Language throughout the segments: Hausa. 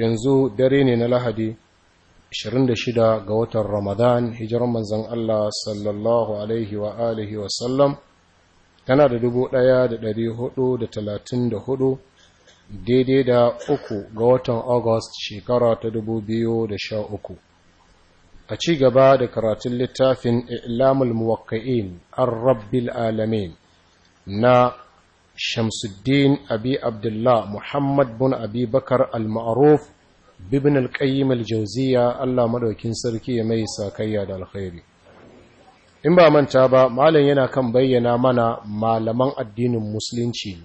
yanzu dare ne na lahadi 26 ga watan ramadan hijiran manzan Allah sallallahu alaihi wa alihi wasallam tana da 1434 daidai da uku ga watan august shekara ta dubu biyu da sha uku. a ci gaba da karatun littafin ilamul muwakka'in an rabbil alamin na shamsuddin abi abdullah muhammad bin abi bakar al-ma'ruf bibin al-qayyim al Allah madaukin sarki ya mai sakayya da alkhairi in ba manta ba malam yana kan bayyana mana malaman addinin musulunci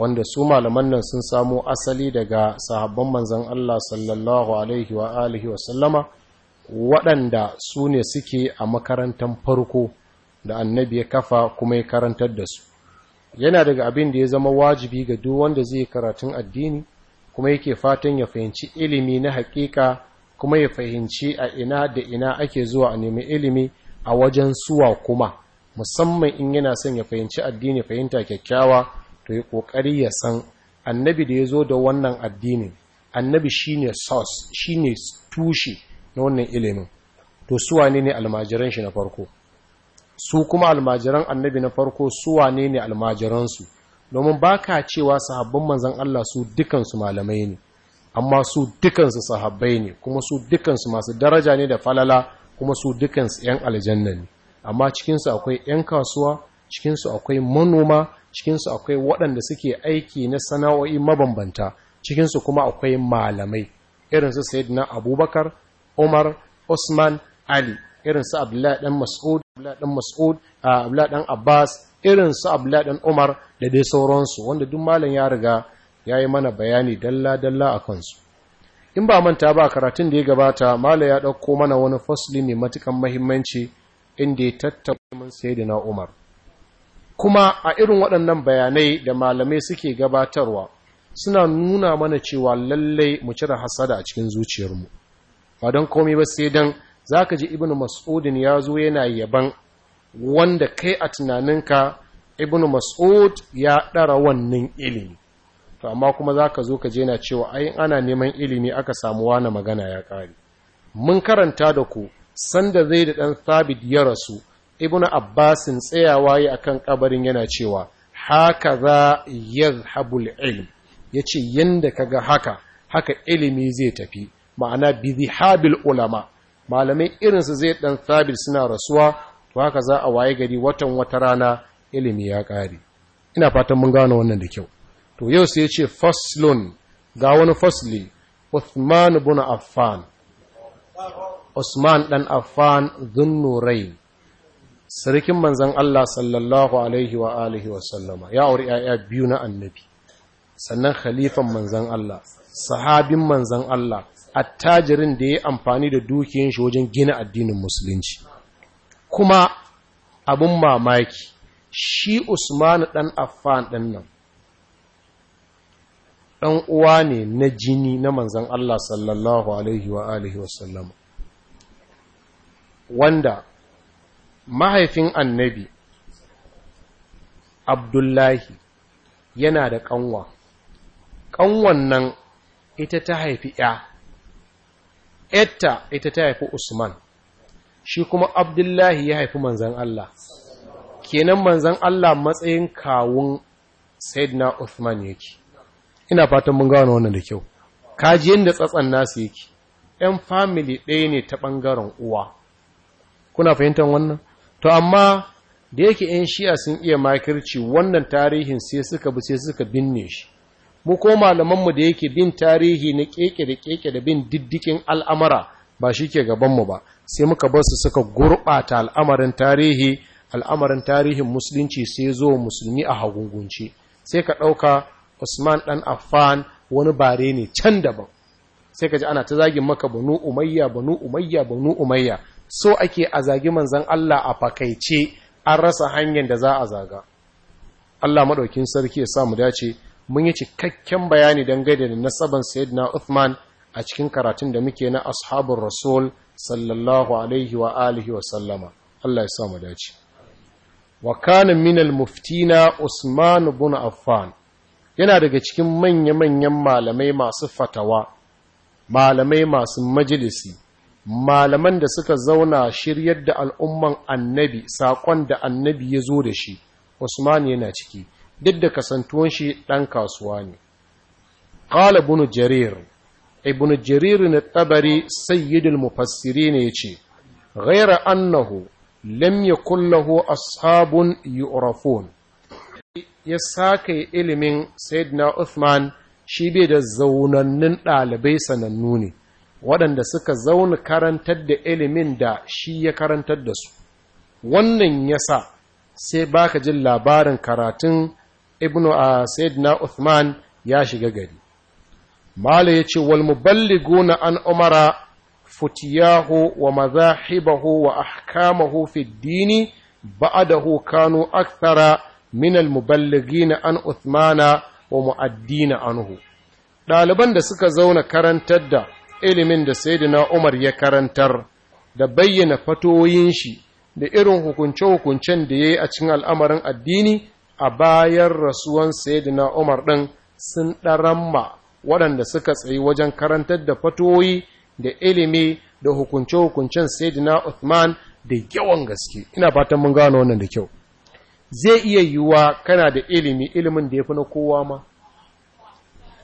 wanda su malaman nan sun samo asali daga sahabban manzon Allah sallallahu alaihi wa alihi wa sallama waɗanda su ne suke a makarantar farko da annabi ya kafa kuma ya karantar da su yana daga abin da ya zama wajibi ga duk wanda zai yi karatun addini kuma yake fatan ya fahimci ilimi na haƙiƙa kuma ya fahimci a ina da ina ake zuwa a nemi ilimi a wajen suwa kuma musamman in yana son ya fahimci addini fahimta kyakkyawa to ya ƙoƙari ya san annabi da ya zo da wannan addinin annabi shine source shine tushe na wannan ilimin to suwa ne ne almajiran shi na farko su kuma almajiran annabi na farko su wane ne almajiransu domin ba ka cewa sahabban manzan Allah su dukansu malamai ne amma su dukansu sahabbai ne kuma su dukansu masu daraja ne da falala kuma su dukansu 'yan aljanna ne amma cikinsu akwai 'yan kasuwa cikinsu akwai manoma cikinsu akwai waɗanda suke aiki na sana'o'i mabambanta cikinsu kuma akwai malamai irinsu na abubakar umar usman ali irinsu abdullahi dan mas'ud abla mas'ud abla abbas irin su umar da dai sauransu wanda duk malam ya riga ya yi mana bayani dalla dalla a kansu in ba manta ba karatun da ya gabata malam ya ɗauko mana wani fasli mai matukan mahimmanci inda ya da na umar kuma a irin waɗannan bayanai da malamai suke gabatarwa suna nuna mana cewa lallai mu cire hasada a cikin zuciyarmu ba don komai ba sai dan. za ka ji ibn mas'udin ya zo yana yaban wanda kai a tunaninka ibn mas'ud ya ɗara wannan ilimi to amma kuma za ka zo ka je na cewa ai ana neman ilimi aka samu wani magana ya ƙare mun karanta da ku sanda zai da ɗan thabit ya rasu ibn abbasin tsayawa a akan kabarin yana cewa haka za yadhhabul ilm yace ka ga haka haka ilimi zai tafi ma'ana bi ulama malamai irinsu zai dan sabit suna rasuwa to haka za a waye gari watan wata rana ilimi ya ƙare ina fatan mun gano wannan da kyau to yau sai ya ce faslun ga wani fasli Uthman ibn Affan Usman dan Affan Zunnurain sarkin manzon Allah sallallahu alaihi wa alihi wa sallama ya auri 'ya'ya biyu na annabi sannan khalifan manzon Allah sahabin manzon Allah attajirin da ya amfani da dukiyan shi wajen gina addinin musulunci kuma abin mamaki shi usman dan affan din nan dan uwa ne na jini na manzon Allah sallallahu alaihi wa alihi wasallam wanda mahaifin annabi abdullahi yana da kanwa kanwan nan ita ta haifi ya etta ita ta haifi usman shi kuma abdullahi ya haifi manzan Allah kenan manzan Allah matsayin kawun sayyidina Uthman yake ina fatan mun gano wannan da kyau kaji da tsatsan nasu yake Yan family ɗaya ne ta ɓangaren uwa kuna fahimtar wannan to amma da yake 'yan shi'a sun iya makirci wannan tarihin sai suka bi sai suka binne shi mu ko malamanmu da yake bin tarihi na keke da keke da bin diddikin al'amara ba shi ke gabanmu ba sai muka bar su suka gurɓata al'amarin tarihi al'amarin tarihin musulunci sai zo musulmi a hagungunci sai ka ɗauka usman ɗan affan wani bare ne can daban sai ka ji ana ta zagin maka banu umayya banu umayya banu umayya so ake a zagi manzan Allah a fakaice an rasa hanyar da za a zaga Allah maɗaukin sarki ya sa mu dace mun yi cikakken bayani dangane da nasaban sayyidina Uthman a cikin karatun da muke na ashabun rasul sallallahu alaihi wa alihi wa sallama Allah ya sa mu dace wa kana min al-muftina Usman ibn Affan yana daga cikin manya-manyan malamai masu fatawa malamai masu majalisi malaman da suka zauna shiryar da al'umman annabi saƙon da annabi ya zo da shi Usman yana ciki duk da kasantuwan shi ɗan kasuwa ne Ƙala Bunu jarir ibn jarir na tabari sayyidul mufassirin yace ghaira annahu lam yakul lahu ashabun yu'rafun ya sake ilimin sayyidina uthman shi bai da zaunannin ɗalibai sanannu ne waɗanda suka zauna karantar da ilimin da shi ya karantar da su wannan ya sa sai baka jin labarin karatun ibnu a sayyidina Uthman ya shiga gari mala ce wal muballiguna an umara futiyahu wa mazahibahu wa ahkamahu fi dini ba'dahu kanu akthara min al muballigina an Uthmana wa mu'addina anhu Daliban da suka zauna karantar da ilimin da sayyidina Umar ya karantar da bayyana fatoyin shi da irin hukunce-hukuncen da yayi a cikin al'amarin addini a bayan rasuwan sayyidina Umar ɗin sun ɗaramma waɗanda suka tsayi wajen karantar da fatoyi da ilimi da hukunce-hukuncen sayyidina Uthman da yawan gaske ina fatan mun gano wannan da kyau zai iya yiwuwa kana da ilimi ilimin da ya fi na kowa ma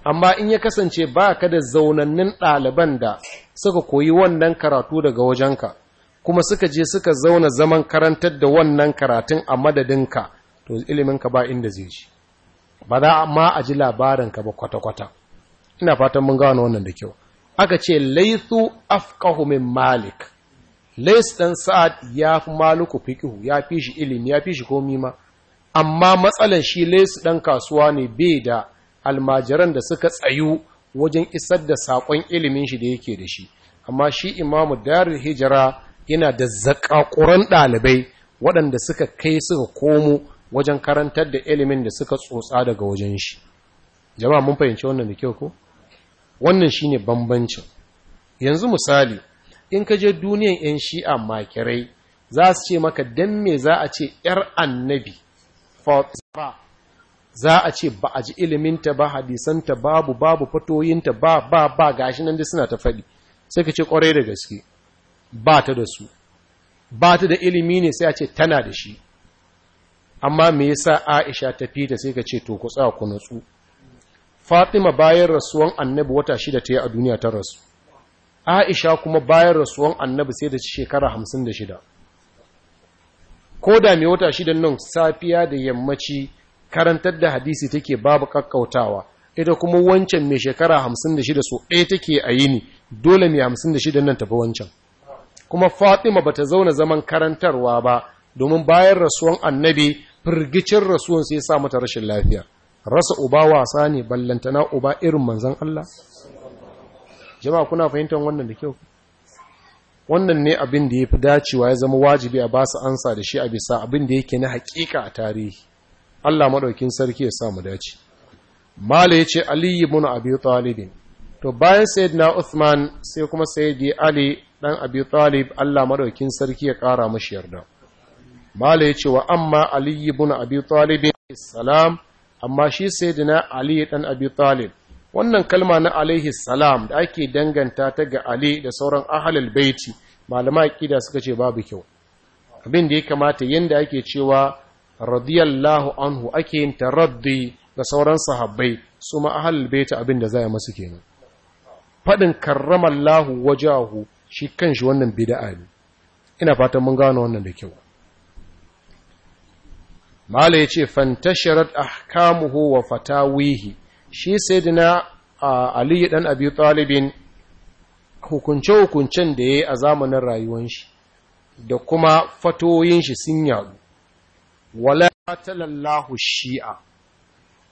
amma in ya kasance ba ka da zaunannin ɗaliban da suka koyi wannan karatu daga wajenka kuma suka je suka zauna zaman karantar da wannan karatun a madadinka to ka ba inda zai ji ba za a ma a ji labarin ka ba kwata-kwata ina fatan mun gano wannan da kyau aka ce laisu afqahu min malik lais dan sa'ad ya fi maluku fiqhu ya fi shi ilimi ya fi shi komi ma amma matsalan shi lais dan kasuwa ne bai da almajiran da suka tsayu wajen isar da sakon ilimin shi da yake da shi amma shi imamu darul hijra yana da zakakuran ɗalibai waɗanda suka kai suka komo wajen karantar da ilimin da suka tsotsa daga wajen shi jama'a mun fahimci wannan da kyau ko wannan shine bambancin yanzu misali in ka je duniyan yan shi'a makirai za su ce maka dan me za a ce yar annabi za a ce ba a ji iliminta ba hadisanta babu babu fatoyinta ba ba ba gashi nan da suna ta faɗi sai ka ce ƙwarai da gaske ba ta da su ba ta da ilimi ne sai a ce tana da shi amma me yasa Aisha ta fita sai ka ce to ku tsaya ku nutsu Fatima bayan rasuwan Annabi wata shida ta yi a duniya ta rasu Aisha kuma bayan rasuwan Annabi sai da shekara 56 ko da me wata shidan nan safiya da yammaci karantar da hadisi take babu kakkautawa ita kuma wancan mai shekara 56 so ɗaya take a yini dole ne 56 nan tafi wancan kuma Fatima bata zauna zaman karantarwa ba domin bayan rasuwan annabi firgicin rasuwan sai ya sa mata rashin lafiya rasa uba wasa ne ballantana uba irin manzan Allah jama'a kuna fahimtar wannan da kyau wannan ne abin da ya fi dacewa ya zama wajibi a ba su ansa da shi a bisa abin da yake na haƙiƙa a tarihi Allah maɗaukin sarki ya samu dace mala ya ce aliyu muna abi talibin to bayan na uthman sai kuma sayyidi ali ɗan abi talib Allah maɗaukin sarki ya ƙara mashi yarda mala ya ce wa amma aliyu bin abi talib salam amma shi sai na ali dan abi talib wannan kalma na alaihi salam da ake danganta ta ga ali da sauran ahlul baiti malama kida suka ce babu kyau abin da ya kamata yanda ake cewa radiyallahu anhu ake yin taraddi ga sauran sahabbai su ma ahlul baiti abin da zai masu kenan fadin karramallahu wajahu shi kanshi wannan bid'a ne ina fatan mun gano wannan da kyau mala ya ce fantashirar ahkamuhu wa fatawihi shi a aliyu dan abi talibin hukunce-hukuncen da ya yi a zamanin rayuwan shi da kuma fatoyin shi sun yadu wala talallahu shi'a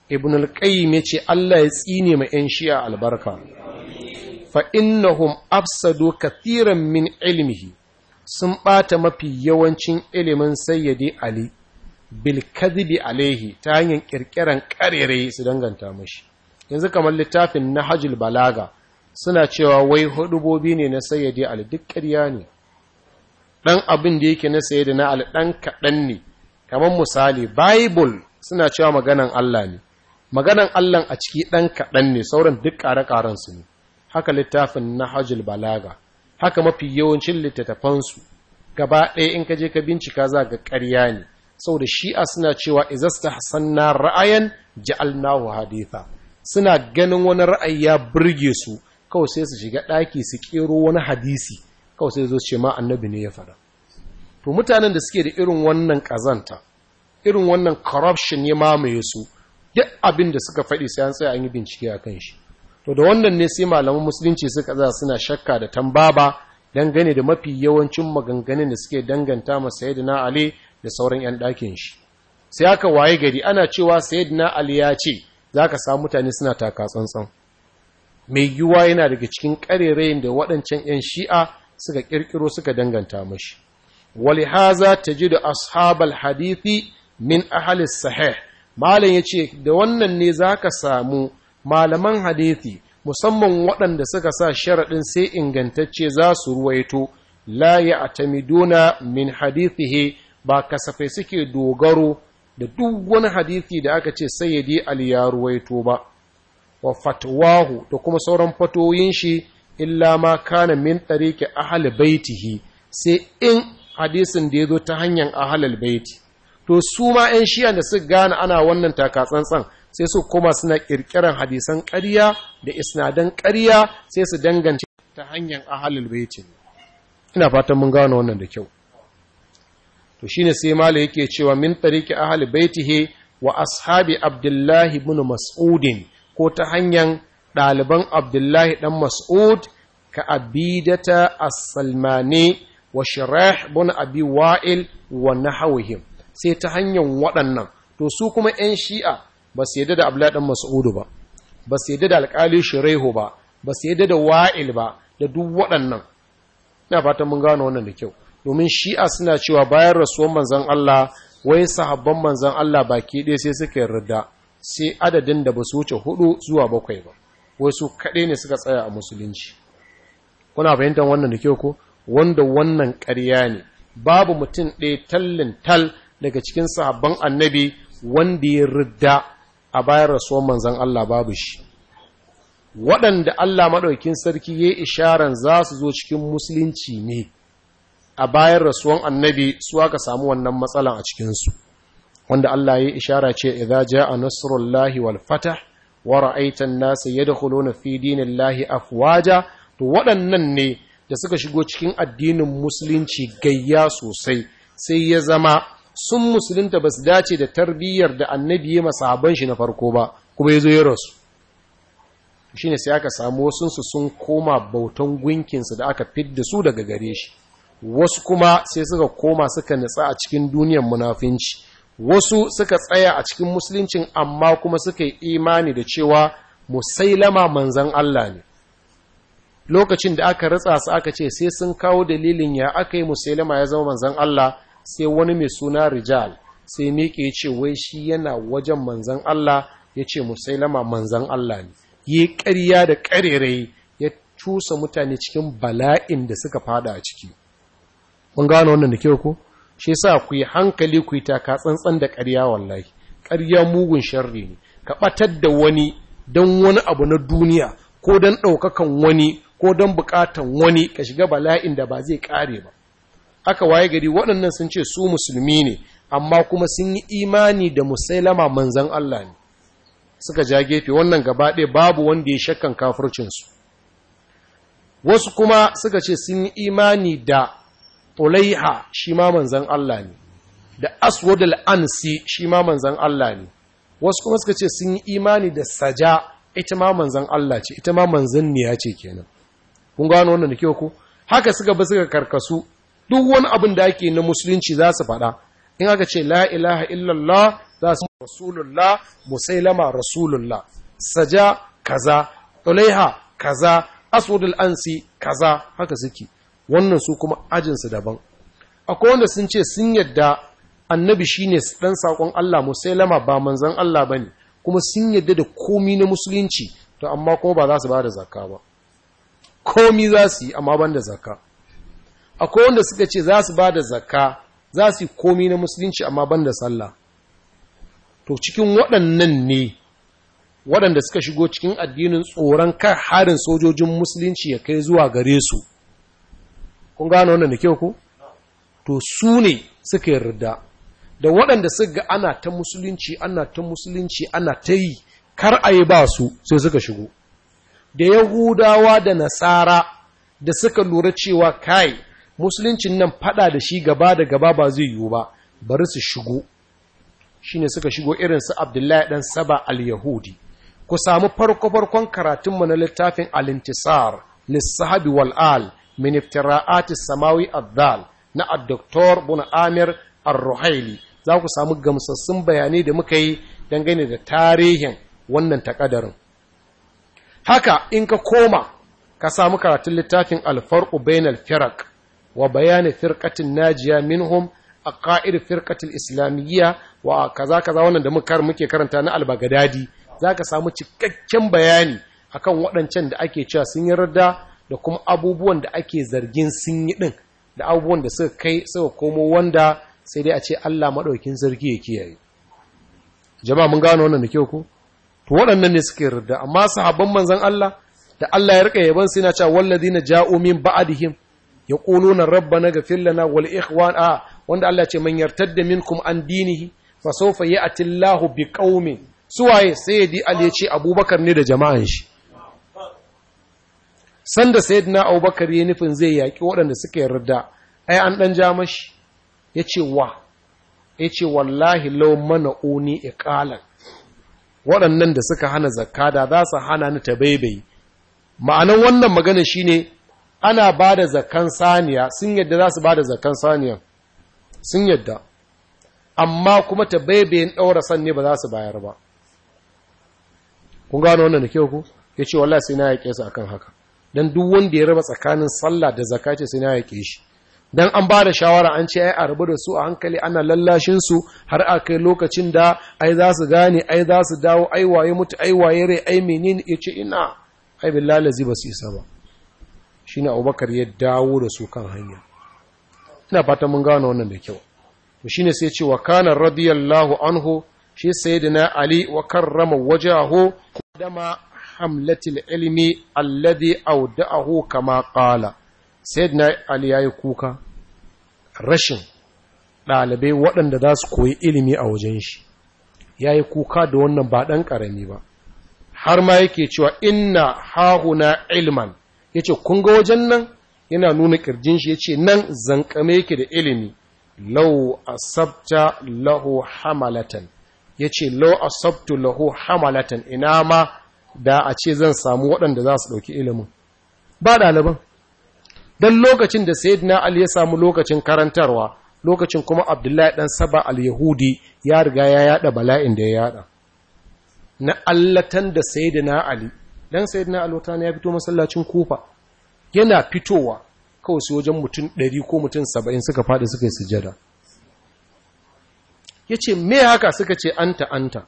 ibn al-qayyim ce Allah ya tsine ma 'yan shi'a albarka fa innahum afsadu kathiran min ilmihi sun bata mafi yawancin ilimin sayyidi ali bilkazibi alaihi ta hanyar kirkiran karere su danganta mashi yanzu kamar littafin na hajjul balaga suna cewa wai hudubobi ne na sayyade al duk ƙarya ne ɗan abin da yake na sayyade na al ɗan kaɗan ne kamar misali bible suna cewa maganan allah ne maganan allah a ciki ɗan kaɗan ne sauran duk ƙare-ƙaren su ne haka littafin na hajjul balaga haka mafi yawancin littattafansu gaba ɗaya in ka je ka bincika za ga ƙarya ne Sau da shi'a suna cewa izasta sanna ra'ayan ja'alnahu haditha suna ganin wani ra'ayi ya burge su kawai sai su shiga ɗaki su kero wani hadisi kawai sai zo ce ma annabi ne ya faɗa to mutanen da suke da irin wannan ƙazanta irin wannan corruption ya mamaye su duk abin da suka faɗi sai an tsaya an yi bincike a kan shi to da wannan ne sai malaman musulunci suka za suna shakka da tambaba dangane da mafi yawancin maganganun da suke danganta masa yadda na ali da sauran 'yan ɗakin shi sai aka waye gari ana cewa sayyidina ali ya ce za ka samu mutane suna taka tsantsan mai yiwuwa yana daga cikin ƙarerayin da waɗancan 'yan shi'a suka ƙirƙiro suka danganta mashi haza ta ji da ashabal hadithi min ahalis sahih malam ya ce da wannan ne za ka samu malaman hadithi musamman waɗanda suka sa sharaɗin sai ingantacce za su ruwaito la ya atamiduna min he? ba kasafai suke dogaro da duk wani hadithi da aka ce sayyidi ali ya ruwaito ba wa fatwahu da kuma sauran fatoyin shi illa ma kana min tariqi ahli baitihi sai in hadisin da yazo ta hanyar ahlul baiti to su ma 'yan shiyan da su gane ana wannan takatsantsan sai su koma suna kirkiran hadisan ƙarya da isnadan ƙarya sai su dangance ta hanyar ahlul baiti ina fatan mun gane wannan da kyau to shine sai malai yake cewa min tariki ahli baitihi wa ashabi abdullahi ibn mas'udin ko ta hanyar daliban abdullahi Dan mas'ud ka abidata as-salmani wa shirah ibn abi wa'il wa nahawihim sai ta hanyar waɗannan to su kuma 'yan shi'a ba su yadda da abdullahi Dan Mas'ud ba ba su yadda da alƙali shirehu ba ba su yadda da wa'il ba da duk waɗannan ina fatan mun gano wannan da kyau domin shi'a suna cewa bayan rasuwan manzan Allah wai sahabban manzan Allah baki ɗaya sai suka yarda sai adadin da ba su wuce hudu zuwa bakwai ba wai su kaɗai ne suka tsaya a musulunci kuna fahimtar wannan da kyau ko wanda wannan ƙarya ne babu mutum ɗaya tallin tal daga cikin sahabban annabi wanda ya rida a bayan rasuwan manzan Allah babu shi waɗanda Allah maɗaukin sarki ya isharan za su zo cikin musulunci ne a bayan rasuwan annabi su aka samu wannan matsalan a cikinsu wanda Allah ya ishara ce idza jaa nasrullahi wal fatah wa ra'aita an-nasa yadkhuluna fi dinillahi afwaja to waɗannan ne da suka shigo cikin addinin musulunci gayya sosai sai ya zama sun musulunta ba su dace da tarbiyyar da annabi ya masahaban shi na farko ba kuma ya zo ya rasu shi sai aka samu wasu sun koma bautan gunkinsu da aka fidda su daga gare shi wasu kuma sai suka koma suka nitsa a cikin duniyar munafinci wasu suka tsaya a cikin musuluncin amma kuma suka yi imani da cewa musailama manzan Allah ne lokacin da aka ritsa su aka ce sai sun kawo dalilin ya aka yi musailama ya zama manzan Allah sai wani mai suna rijal sai miƙe ce wai shi yana wajen manzan Allah ya ce musailama manzan Allah ne yi ƙarya da ƙarerai ya cusa mutane cikin bala'in da suka fada a ciki Kun gano wannan da ke ku shi yasa ku yi hankali ku yi taka tsantsan da ƙarya wallahi ƙarya mugun sharri ne ka ɓatar da wani don wani abu na duniya ko don ɗaukakan wani ko don buƙatan wani ka shiga bala'in da ba zai ƙare ba aka waye gari waɗannan sun ce su musulmi ne amma kuma sun yi imani da musailama manzan Allah ne suka ja gefe wannan gaba ɗaya babu wanda ya shakkan kafircinsu wasu kuma suka ce sun yi imani da fulaiha shi ma manzan Allah ne da aswad ansi shi ma manzan Allah ne wasu kuma suka ce sun yi imani da saja ita ma manzan Allah ce ita ma manzanniya ce kenan kun gano wannan da ke ku? haka suka ba suka karkasu duk wani abin da ake na musulunci za su faɗa in aka ce la ilaha illallah za su rasulullah musailama rasulullah saja kaza ulaiha kaza aswad ansi kaza haka suke wannan su kuma ajinsu daban akwai wanda sun ce sun yadda annabi shi ne ɗan saƙon Allah musailama ba manzan Allah ba ne, kuma sun yadda da komi na musulunci to amma kuma ba za su bada zaka ba komi za su yi amma ban da zaka akwai wanda suka ce za su bada zaka za su yi komi na musulunci amma ban da sallah to cikin waɗannan ne waɗanda suka shigo cikin addinin tsoron kar harin sojojin musulunci ya kai zuwa gare su kun gano wannan da kyau ku to su ne suka yarda da waɗanda suka ga ana ta musulunci ana ta musulunci ana ta yi kar a yi ba su sai suka shigo da yahudawa da nasara da suka lura cewa kai musuluncin nan fada da shi gaba da gaba ba zai yiwu ba bari su shigo Shi ne suka shigo irin su abdullahi ɗan saba al-yahudi ku samu farko-farkon karatunmu na littafin al-intisar lissahabi wal'al من افتراءات السماوي الذال na الدكتور بن Bun Amir Ar-Ruhaili za ku samu gamsassun bayanai da muka yi dangane da tarihin wannan takadarin haka in ka koma ka samu karatun littafin alfarqu bainal firaq wa bayani firqatin najiya minhum aqaid firqatil islamiyya wa kaza kaza wannan da muka muke karanta na albagadadi zaka samu cikakken bayani akan waɗancan da ake cewa sun yarda da kuma abubuwan da ake zargin sun yi ɗin da abubuwan da suka kai suka komo wanda sai dai a ce Allah maɗaukin zargi ya kiyaye jama'a mun gano wannan da kyau ko to waɗannan ne suke yarda amma sahabban manzan Allah da Allah ya rika yaban suna cewa na ja'o min na rabba na ghfir lana wal a wanda Allah ce man min minkum an dinihi fa ya atillahu Allahu biqaumin suwaye sai di Ali ya ce Abubakar ne da jama'an shi sanda sayyidina abubakar ya nufin zai yaƙi waɗanda suka yarda ai an ɗan ja mashi ya ce wa ya ce wallahi lau mana uni iqalan waɗannan da suka hana zakka da za su hana ni ta baibai, ma'anan wannan magana shine ana ba da zakkan saniya sun yadda za su ba da zakkan saniya sun yadda amma kuma ta tabaibayin ɗaura san ne ba za su bayar ba kun gano wannan da kyau ku ya ce wallahi sai na yaƙe su akan haka Don duk wanda ya raba tsakanin sallah da zakace sai na yake shi Don an ba da shawara an ce ai a rabu da su a hankali ana lallashin su har a kai lokacin da ai za su gane ai za su dawo ai waye mutu ai waye rai ai menene ce ina ai billahi ba su isa ba shine Abubakar ya dawo da su kan hanya ina fatan mun gano wannan da kyau to shine sai ce wa kana radiyallahu anhu shi sayyidina ali wa karrama wajahu dama hamlatil ilmi alladhi awda'ahu kama qala sayyidina ali yayi kuka rashin dalibai waɗanda za su koyi ilimi a wajen shi yayi kuka da wannan ba dan karami ba har ma yake cewa inna hahuna ilman yace kun ga wajen nan yana nuna kirjin shi yace nan zankame yake da ilimi law asabta lahu hamalatan yace law asabtu lahu hamalatan ina ma da a ce zan samu waɗanda za su ɗauki ilimin ba ɗaliban don lokacin da sayyidina ali ya samu lokacin karantarwa lokacin kuma abdullahi ɗan saba al-yahudi ya riga ya yada bala'in da ya yada na allatan da sayyidina ali dan sayyidina ali wata ya fito masallacin kufa yana fitowa kawai su wajen mutum ɗari ko mutum saba'in suka faɗi suka yi sujada ya ce me haka suka ce anta anta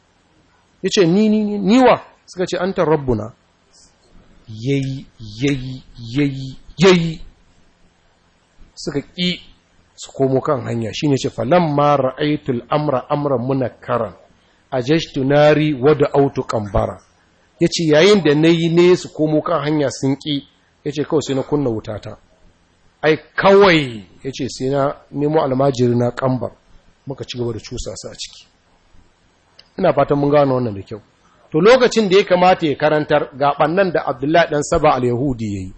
ya ce ni ni ni niwa suka ce an rabbuna yayi yayi yayi yayi suka ƙi su komo kan hanya shi ne ce mara aitul amra amran munakkaran ajashtu wadda auto autu ya yace yayin da na yi ne su komo kan hanya sun ƙi ya ce kawai sai na kunna wutata ai kawai ya ce sai na nemo almajiri na kambar muka ci gaba da cusa su a ciki ina fatan mun gano wannan da kyau to lokacin da ya kamata ya karantar ga bannan da Abdullahi dan Saba al-Yahudi yi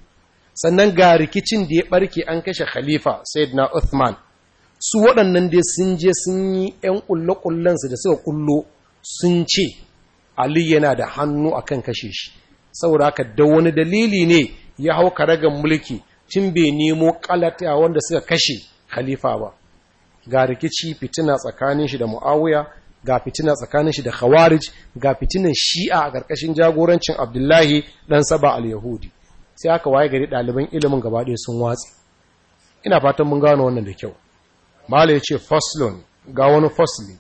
sannan ga rikicin da ya barke an kashe khalifa Sayyidina Uthman su waɗannan da sun je sun yi ƴan ƙullo su da suka ƙullo sun ce Ali yana da hannu a kan kashe shi saboda haka da wani dalili ne ya hau karagan mulki tun bai nemo kalata wanda suka kashe khalifa ba ga rikici fitina tsakanin shi da mu'awuya. ga fitina tsakanin shi da khawarij ga fitinan shi'a a ƙarƙashin jagorancin abdullahi ɗan saba al-yahudi sai aka waye gari ɗaliban ilimin gaba ɗaya sun watsi ina fatan mun gano wannan da kyau mala ya ce faslon ga wani fasli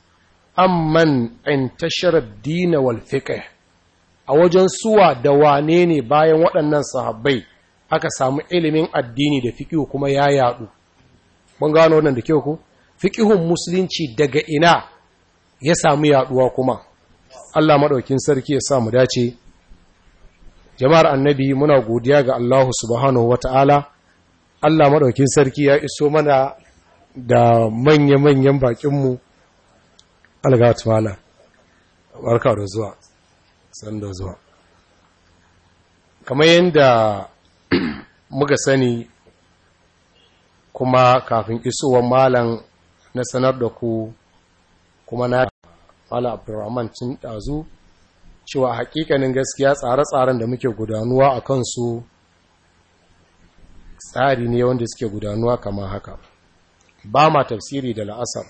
amman tashar dina wal fiqh a wajen suwa da wane ne bayan waɗannan sahabbai aka samu ilimin addini da fiƙihu kuma ya yadu mun gano wannan da kyau ko fiqhun musulunci daga ina ya samu yaduwa kuma Allah maɗaukin sarki ya sa mu dace jama'ar annabi muna godiya ga Allah subhanahu wata'ala Allah maɗaukin sarki ya iso mana da manya-manyan bakinmu algatwala barka da zuwa san da zuwa kamar yadda muka sani kuma kafin isowar malam na sanar da ku kuma na Fala Abdulrahman tun ɗazu cewa hakikanin gaskiya tsare-tsaren da muke gudanuwa a kansu tsari ne wanda suke gudanuwa kamar haka ba ma tafsiri da la'asar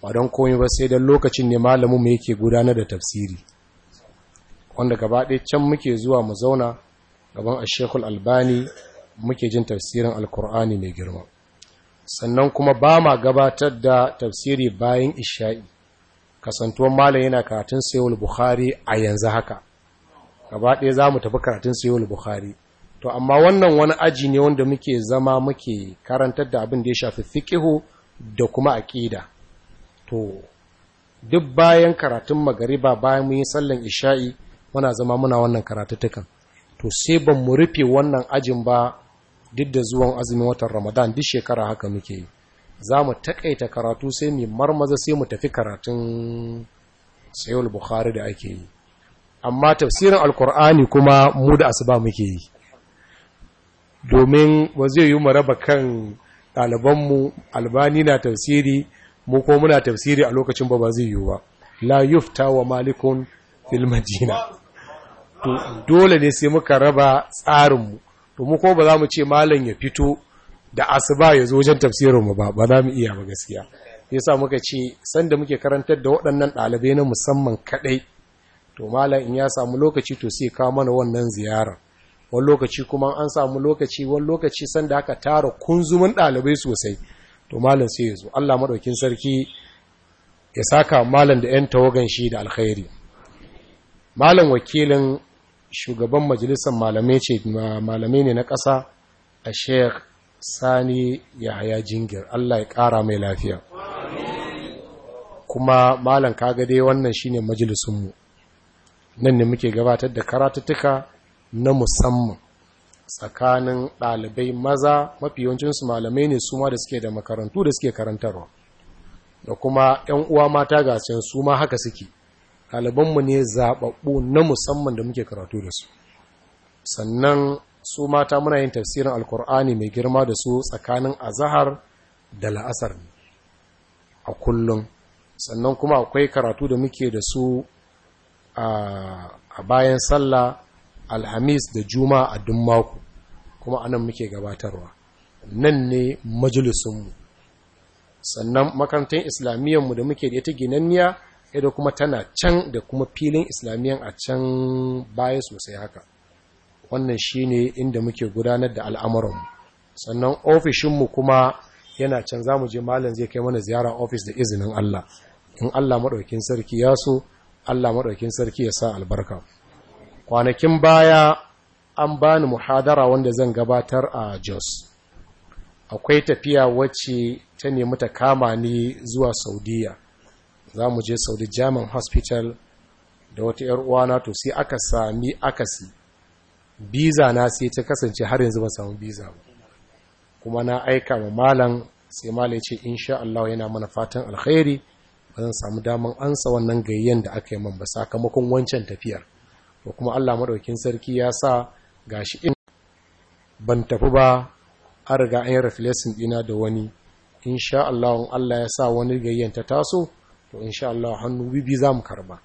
ba don komi ba sai don lokacin ne malamin mai yake gudanar da tafsiri wanda gaba ɗaya can muke zuwa mu zauna gaban ashekul albani muke jin tafsirin alkur'ani mai girma sannan kuma ba ma gabatar da tafsiri bayan isha'i kasantuwan malam yana karatun sayowar buhari a yanzu haka gaba ɗaya za mu tafi karatun sayowar buhari to amma wannan wani aji ne wanda muke zama muke karantar da abin da ya shafi fiƙihu da kuma aƙida to duk bayan karatun magariba bayan mun yi sallan isha'i muna zama muna wannan karatuttukan to sai ban mu rufe wannan ajin ba duk da zuwan azumin watan ramadan duk shekara haka muke yi za mu taƙaita karatu sai mu marmaza sai mu tafi karatun sayul bukhari da ake yi amma tafsirin alkur'ani kuma mu da asuba muke yi domin ba zai yi mu raba kan ɗalibanmu albani na tafsiri mu ko muna tafsiri a lokacin ba ba zai yi ba la yufta wa malikun filmajina dole ne sai muka raba tsarinmu to mu ko ba za mu ce malam ya fito da asuba ya zo wajen tafsirin ba ba za mu iya ba gaskiya yasa muka ce sanda muke karantar da waɗannan ɗalibai na musamman kaɗai to malam in ya samu lokaci to sai kawo mana wannan ziyara. wani lokaci kuma an samu lokaci wani lokaci sanda aka tara kunzumin ɗalibai sosai to malam sai ya zo Allah maɗaukin sarki ya saka malam da 'yan tawagan shi da alkhairi malam wakilin shugaban majalisar malamai ce malamai ne na ƙasa a sheikh sani ya haya jingir Allah ya ƙara mai lafiya kuma malam kaga dai wannan shine majalisunmu nan ne muke gabatar da karatuttuka na musamman tsakanin ɗalibai maza mafi yawancinsu malamai ne su da suke da makarantu da suke karantarwa da kuma 'yan uwa mata ga can su haka suke ɗalibanmu ne zaɓaɓɓu na musamman da muke karatu da su sannan su mata muna yin tafsirin alkur'ani mai girma da su tsakanin azahar da la'asar a kullum sannan kuma akwai karatu da muke da su a bayan sallah alhamis da juma a dummaku mako kuma anan muke gabatarwa nan ne majalisunmu sannan makarantar islamiyyarmu da muke da ita ginanniya da kuma tana can da kuma filin islamiyyar a can baya sosai haka wannan shine inda muke gudanar da al'amuranmu sannan ofishinmu kuma yana can za mu je malam zai kai mana ziyara ofis da izinin Allah in Allah maɗaukin sarki ya so Allah maɗaukin sarki ya sa albarka kwanakin baya an bani muhadara wanda zan gabatar a Jos akwai tafiya wacce ta nemi ta kama ni zuwa Saudiya za mu je Saudi German Hospital da wata ‘yar uwana to sai aka sami akasi biza na sai ta kasance har yanzu ba samu biza ba kuma na aika ma malam sai malam ya ce insha Allah yana mana fatan alkhairi ba zan samu daman ansa wannan gayyen da aka yi man ba sakamakon wancan tafiyar to kuma Allah maɗaukin sarki ya sa gashi in ban tafi ba a riga an yi reflection dina da wani insha Allah Allah ya sa wani gayyen ta taso to insha Allah hannu bibi mu karba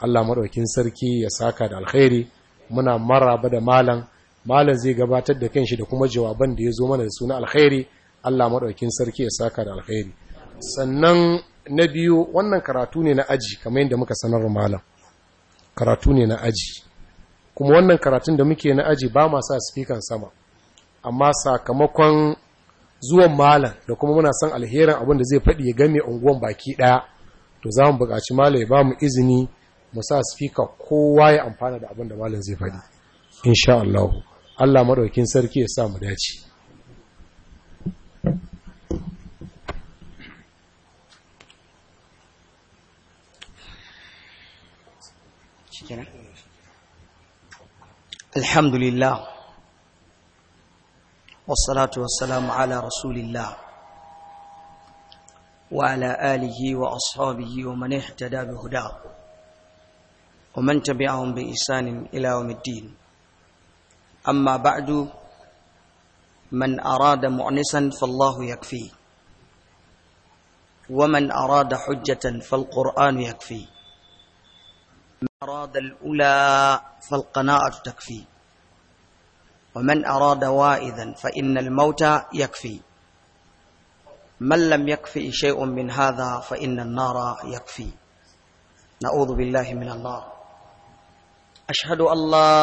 Allah maɗaukin sarki ya saka da alkhairi muna maraba da malam malam zai gabatar da shi da kuma jawaban da ya zo mana da suna alkhairi Allah maɗaukin sarki ya saka da alkhairi sannan na biyu wannan karatu ne na aji kamar yadda muka sanar malam karatu ne na aji kuma wannan karatun da muke na aji ba ma sa speaker sama amma sakamakon zuwan malam da kuma muna son alherin abin da zai faɗi ya game unguwan baki ɗaya to za mu buƙaci malam ya ba mu izini masa sifika kowa ya amfana da abin da malin zai faɗi insha Allah Allah madaukin sarki ya sa mu dace shikenan alhamdulillah wassalatu wassalamu ala rasulillah wa ala alihi wa ashabihi wa man ihtada bihudahu ومن تبعهم بإحسان إلى يوم الدين أما بعد من أراد مؤنسا فالله يكفيه ومن أراد حجة فالقرآن يكفي من أراد الأولى فالقناعة تكفي ومن أراد وائذا فإن الموت يكفي من لم يكفي شيء من هذا فإن النار يكفي نعوذ بالله من النار أشهد أن لا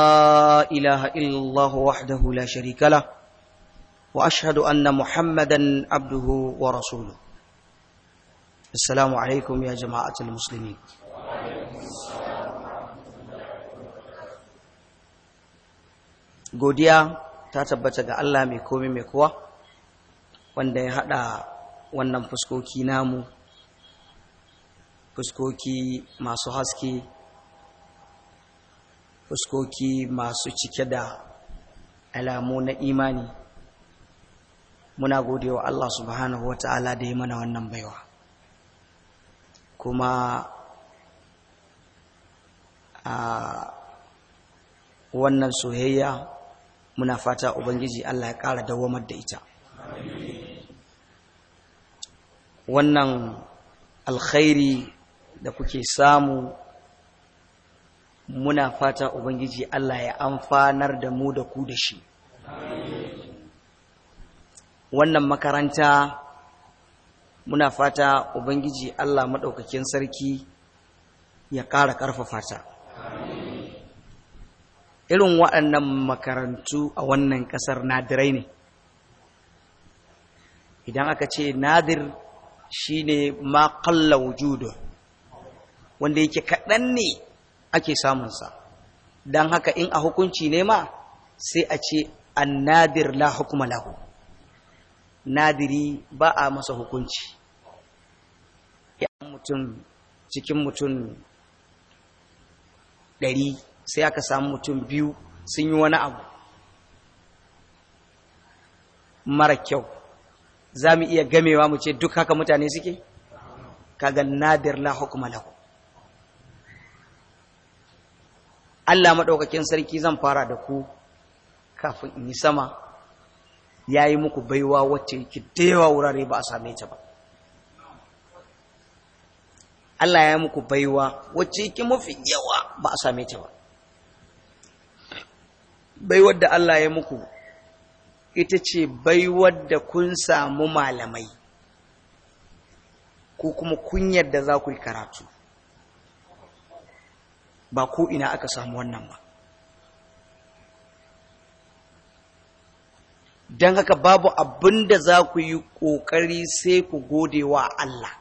إله إلا الله وحده لا شريك له وأشهد أن محمدا عبده ورسوله السلام عليكم يا جماعة المسلمين godiya ta tabbata ga Allah mai komi mai kowa wanda ya haɗa wannan fuskoki namu fuskoki masu haske fuskoki masu cike da alamu na imani muna gode wa Allah subhanahu wata'ala da ya mana wannan baiwa kuma a wannan soyayya muna fata ubangiji Allah ya ƙara dawamar da ita wannan alkhairi da kuke samu muna fata ubangiji Allah ya amfanar da mu da ku da shi wannan makaranta muna fata ubangiji Allah maɗaukakin sarki ya ƙara ƙarfafa ta irin waɗannan makarantu a wannan ƙasar nadirai ne idan aka ce nadir shi ne makalla wujudu wanda yake kaɗan ne ake sa, don haka in a hukunci ne ma sai a ce annadir la hukuma lahu nadiri ba a masa hukunci ya mutum cikin mutum ɗari sai aka samu mutum biyu sun yi wani abu mara kyau za mu iya gamewa mu ce duk haka mutane suke kaga nadir la hukuma lahu Allah maɗaukakin sarki zan fara da ku kafin in yi sama ya yi muku baiwa wacce yake da yawa wurare ba a same ta ba Allah ya yi muku baiwa wacce yake mafi yawa ba a same ta ba baiwar da Allah ya muku ita ce baiwar da kun samu malamai ko kuma kunyar da za ku yi karatu ba ko ina aka samu wannan ba don haka babu abin da za ku yi ƙoƙari sai ku gode wa Allah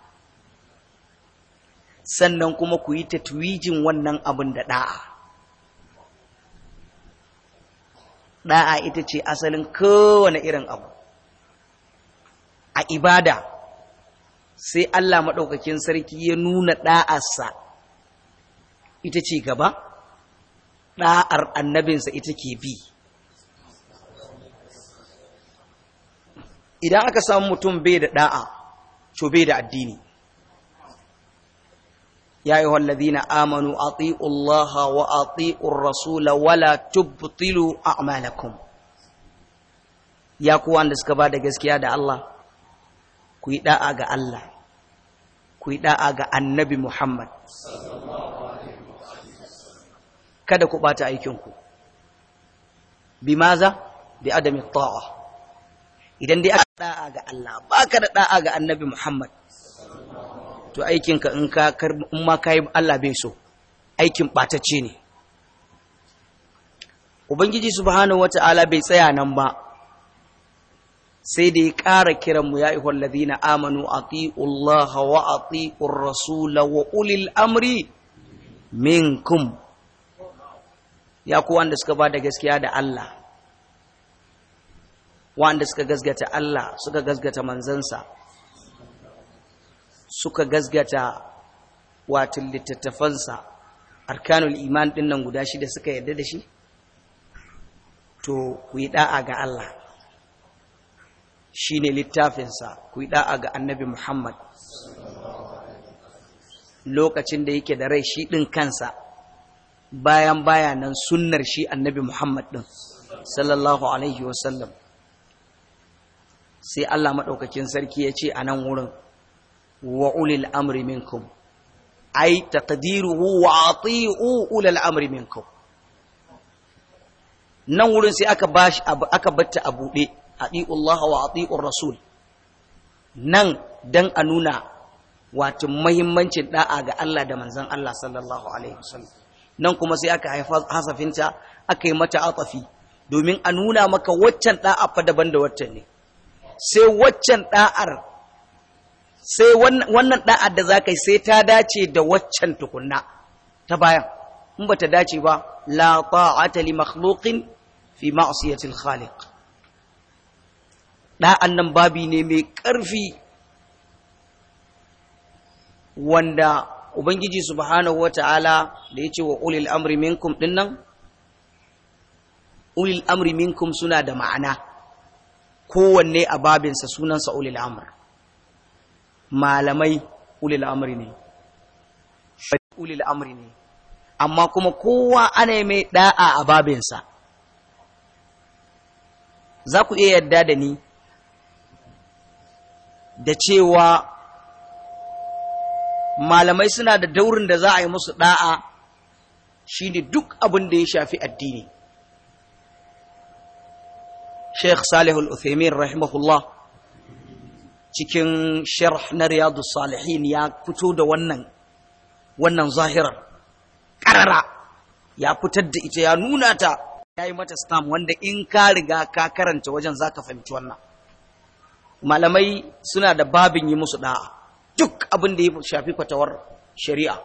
sannan kuma ku yi tatwijin wannan abin da ɗa'a ɗa'a ita ce asalin kowane irin abu a ibada sai Allah maɗaukakin sarki ya nuna ɗa'arsa ita ce gaba ɗa'ar annabinsa ita ke bi idan aka samu mutum bai da ɗa'a to bai da addini ya yi wallazina amanu a tsi'ullaha wa a tsi'ur rasula wala a a'malakum ya kuwa da suka ba da gaskiya da Allah ku yi ɗa'a ga Allah ku yi ɗa'a ga annabi Muhammad kada ku ɓata aikinku bi maza bi adami ta'a idan dai aka da'a ga Allah baka da da'a ga annabi Muhammad to aikinka in ka in ma kai Allah bai so aikin ɓatacce ne ubangiji subhanahu wata'ala bai tsaya nan ba sai da ya ƙara kiranmu ya ihwal allazina amanu Allah wa ati'ur rasul wa ulil amri minkum ya ku wanda suka ba da gaskiya da Allah wanda suka gasgata Allah suka gasgata manzansa suka gasgata wato littattafansa arkanul iman din nan guda shida suka yarda da shi to ku yi da'a ga Allah shine littafinsa ku yi da'a ga annabi Muhammad lokacin da yake da rai shi ɗin kansa bayan baya nan sunnar shi annabi Muhammad ɗin sallallahu alaihi wasallam sai Allah maɗaukakin sarki ya ce a nan wurin wa ulil amri minkum ai taqdiruhu wa ati'u ulil amri minkum nan wurin sai aka bashi aka batta a buɗe ati'u Allah wa ati'ur rasul nan dan a nuna wato muhimmancin da'a ga Allah da manzon Allah sallallahu alaihi wasallam nan kuma sai aka haifa hasafinta aka yi mata atafi domin a nuna maka waccan ɗa'afa daban da waccan ne sai waccan ɗa'ar, sai wannan ɗa'ar da za ka yi sai ta dace da waccan tukunna ta bayan in ba ta dace ba la ta'ata li makhluqin fi ma'siyatil khaliq ɗa'an nan babi ne mai ƙarfi wanda ubangiji subhanahu ta’ala da ya ce wa ulil amri minkum nan? ulil amri minkum suna da ma'ana kowanne a babinsa sunansa ulil amri. malamai ulil amri ne ulil amri ne amma kuma kowa ana yi mai ɗa'a a babinsa za ku iya yarda da ni da cewa malamai suna da daurin da za a yi musu da'a ne duk abin da ya shafi addini Sheikh Salih Al-Uthaymeen rahimahullah cikin sharh na Riyadu Salihin ya fito da wannan wannan zahirar karara ya fitar da ita ya nuna ta yayi mata stam wanda in ka riga ka karanta wajen zaka fahimci wannan malamai suna da babin yi musu ɗa'a. duk abin da ya shafi fatawar shari'a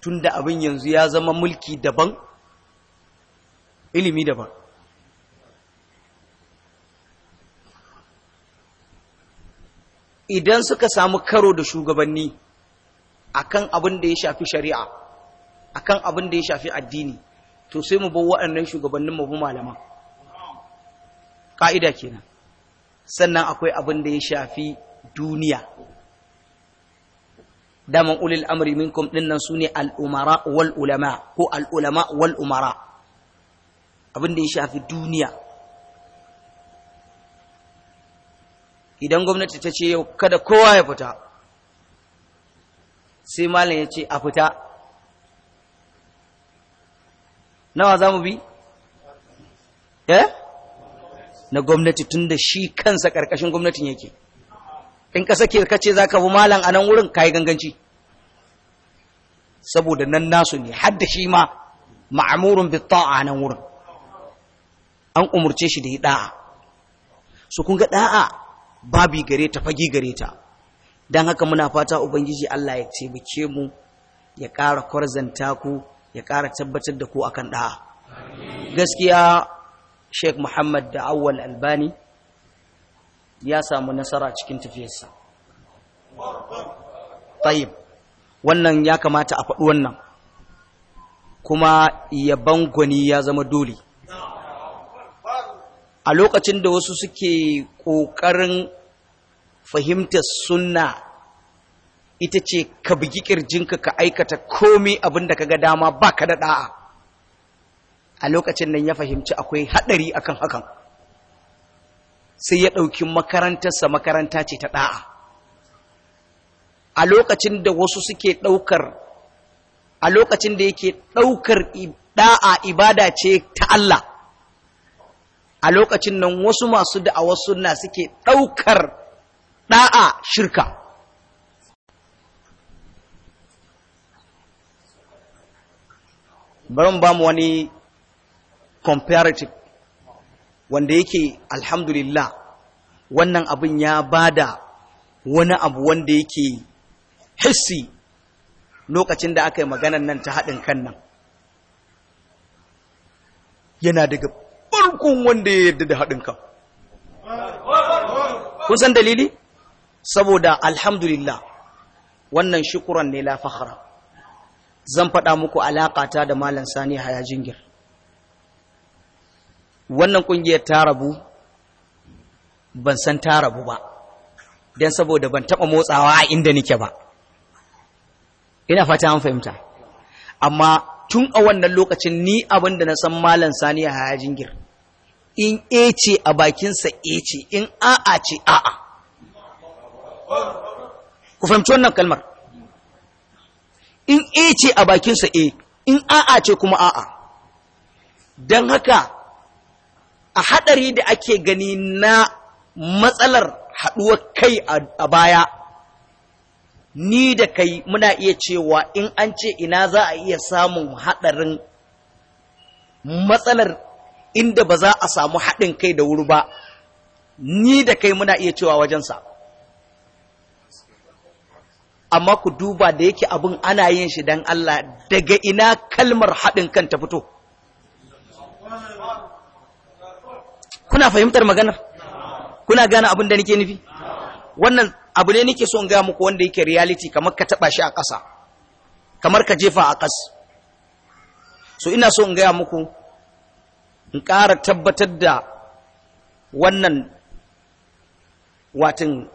tunda abin yanzu ya zama mulki daban ilimi daban idan suka samu karo da shugabanni akan abin da ya shafi shari'a akan abin da ya shafi addini to sai mu bar waɗannan shugabannin mu malama ƙa'ida kenan sannan akwai abin da ya shafi duniya daman ulil amri minkum dinnan sune al-umara wal ulama ko al-ulama wal umara abin da ya shafi duniya idan gwamnati ta ce yau kada kowa ya fita sai malam ya ce a fita nawa za mu bi? eh? na gwamnati tun da shi kansa ƙarƙashin gwamnatin yake in ka sake ka ce za ka bi malam a nan wurin ka yi ganganci saboda nan nasu ne hadda shi ma ma'amurin bitta'a a nan wurin an umarce shi da yi ɗa'a su kun ga ɗa'a babi gare ta fagi gare ta don haka muna fata ubangiji Allah ya taimake mu ya ƙara kwarzanta ku ya ƙara tabbatar da ku akan ɗa'a gaskiya sheikh muhammad da awwal albani ya samu nasara cikin tafiyarsa tayyib wannan ya kamata a faɗi wannan kuma yaban bangoni ya zama dole a lokacin da wasu suke ƙoƙarin fahimtar sunna ita ce ka bugi ƙirjinka ka aikata komi abin da ka ga dama ba ka da ɗa'a a lokacin nan ya fahimci akwai haɗari akan hakan sai ya ɗauki makarantarsa makaranta ce ta ɗa'a a lokacin da wasu suke ɗaukar a lokacin da yake ɗaukar ɗa'a ibada ce ta Allah a lokacin nan wasu masu da a wasu na suke ɗaukar ɗa'a shirka Baron ba mu wani comparative wanda yake alhamdulillah wannan abin ya ba da wani abu wanda yake hissi lokacin da aka yi maganan nan ta haɗin kan nan yana daga farkon wanda ya yarda da haɗin kan kun san dalili saboda alhamdulillah wannan shukuran ne la zan faɗa muku alaƙata da malam sani haya jingir wannan ƙungiyar ta rabu ban san ta rabu ba don saboda ban taɓa motsawa a inda nike ba ina fata an fahimta amma tun a wannan lokacin ni abin da na san malam sani a haya jingir. in e ce a bakinsa e ce in a'a ce a'a ku fahimci wannan kalmar in e ce a bakinsa e in a'a ce kuma a'a don haka a haɗari da ake gani na matsalar haɗuwar kai a baya ni da kai muna iya cewa in an ce ina za a iya samun haɗarin matsalar inda ba za a samu haɗin kai da wuri ba ni da kai muna iya cewa wajensa amma ku duba da yake abin ana yin shi don Allah daga ina kalmar haɗin kan ta fito kuna fahimtar maganar kuna gane abin da nake nufi wannan abu ne nake so in gaya muku wanda yake reality kamar ka taba shi a ƙasa kamar ka jefa a ƙas so ina so in gaya muku in ƙara tabbatar da wannan watin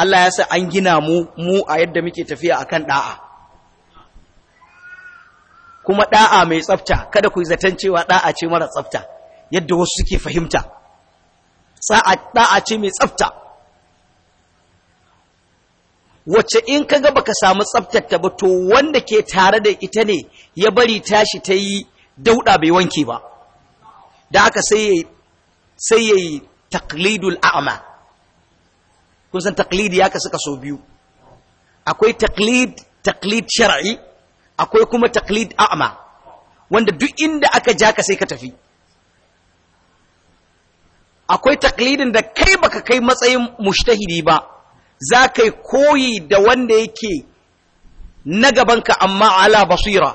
Allah ya sa an gina mu mu a yadda muke tafiya akan da'a kuma da'a mai tsafta kada ku yi zaton cewa da'a ce mara tsafta yadda wasu suke fahimta da'a ce mai tsafta wacce in ka ga baka samu ta ba to wanda ke tare da ita ne ya bari tashi ta yi dauɗa bai wanke ba da haka sai ya yi taklidul a'ama kun san taklidi ya kasu kaso biyu akwai taklid taklid shar'i akwai kuma taklid a'ama wanda duk inda aka ja ka sai ka tafi akwai taklidin da kai baka kai matsayin mushtahidi ba za ka yi koyi da wanda yake na gabanka amma ala basira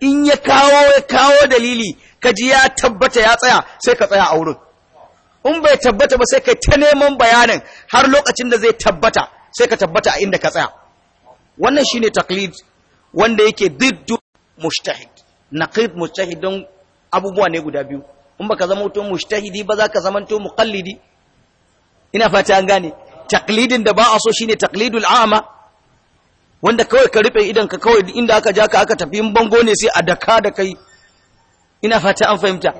in ya kawo ya kawo dalili ka ji ya tabbata ya tsaya sai ka tsaya a wurin in bai tabbata ba sai ka ta neman bayanin har lokacin da zai tabbata sai ka tabbata a inda ka tsaya wannan shine taklid wanda yake diddu mushtahid naqid mushtahid don abubuwa ne guda biyu in baka zama to mujtahidi ba zaka zama to muqallidi ina fata an gane taqlidin da ba a so shine taqlidul a'ma wanda kawai ka rufe idan ka kawai inda aka ja ka aka tafi in bango ne sai a daka da kai ina fata an fahimta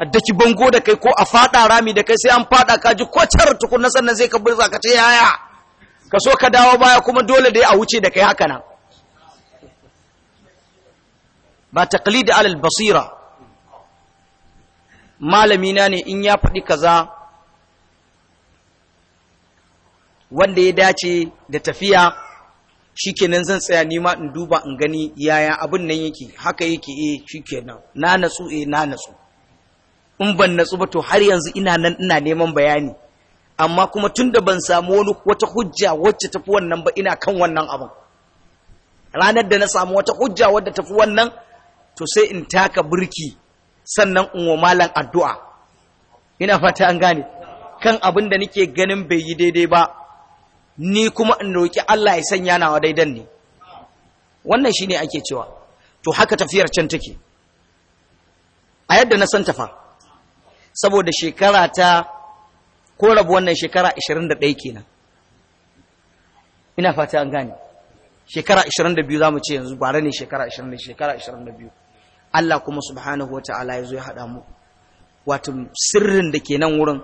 a daki bango da kai ko a fada rami da kai sai an fada ka ji kwacar nan sannan sai ka burza ka ce yaya ka so ka dawo baya kuma dole dai a wuce da kai haka nan ba taqlid alal basira malamina ne in ya faɗi kaza wanda ya dace da tafiya shikenan zan tsaya nima in duba in gani yaya abin nan yake haka yake eh shikenan na natsu eh na natsu in ban natsu ba to har yanzu ina nan ina neman bayani amma kuma tunda ban samu wani wata hujja wacce tafi wannan ba ina kan wannan abin ranar da na samu wata hujja wadda tafi wannan to sai in taka birki sannan unwa malan malam addu'a ina fata an gane kan abin da nake ganin bai yi daidai ba ni kuma in roƙi Allah ya sanya nawa daidan ne wannan shine ake cewa to haka tafiyar can take a yadda na san tafa saboda shekara ta ko rabu wannan shekara 21 kenan ina fata an gane shekara 22 mu ce yanzu bare ne shekara 20 shekara 22 Allah kuma subhanahu wa ta'ala ya zo ya haɗa mu wato sirrin da ke nan wurin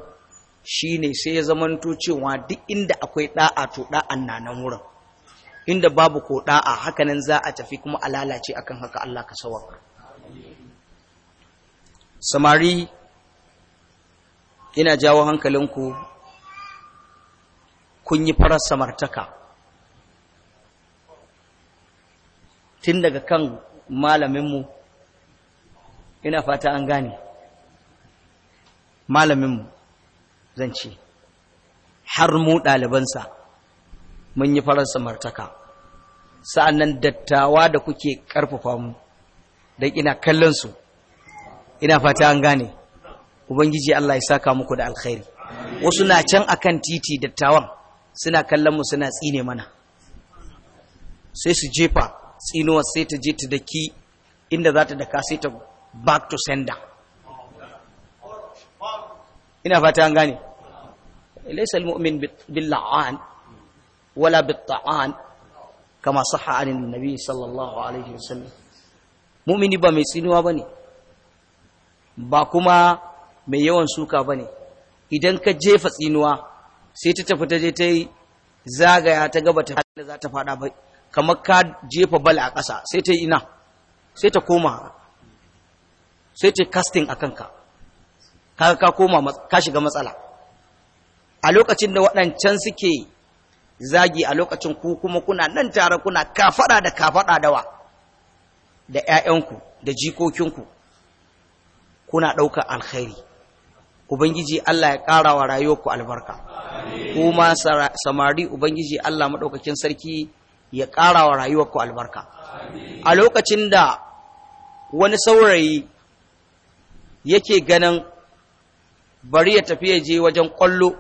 shi ne sai ya zamanto cewa duk inda akwai ɗa'a to ɗa'an na nan wurin inda babu ko ɗa'a hakanan za a tafi kuma a lalace akan haka Allah ka sawa samari ina jawo hankalinku kun yi farar samartaka tun daga kan malaminmu ina fata an gane malaminmu zan ce har mu ɗalibansa mun yi faransa martaka sa'an nan dattawa da kuke ƙarfafa mu da ina kallonsu ina fata an gane ubangiji Allah ya saka muku da alkhairi wasu na can akan titi dattawan suna kallon mu suna tsine mana sai su jefa tsinuwa sai ta je ta daki inda za ta daka sai ta back to sender ina fata an gane laysa almu'min bil la'an wala bit ta'an kama sahha an nabi sallallahu alaihi wasallam mu'mini ba mai tsinuwa bane ba kuma mai yawan suka bane idan ka jefa tsinuwa sai ta tafi ta je ta yi zagaya ta gaba ta halin da za ta fada ba kamar ka jefa bal a ƙasa sai ta yi ina sai ta koma sai ce casting a kanka kaga ka koma ka shiga matsala a lokacin da waɗancan suke zagi a lokacin ku kuma kuna nan tare kuna kafaɗa da kafaɗa dawa da ƴaƴanku da jikokinku kuna ɗaukar alkhairi ubangiji Allah ya ƙara wa rayuwarku albarka kuma samari ubangiji Allah maɗaukakin sarki ya ƙara wa rayuwarku albarka a lokacin da wani saurayi yake ganin bari ya tafi ya je wajen ƙwallo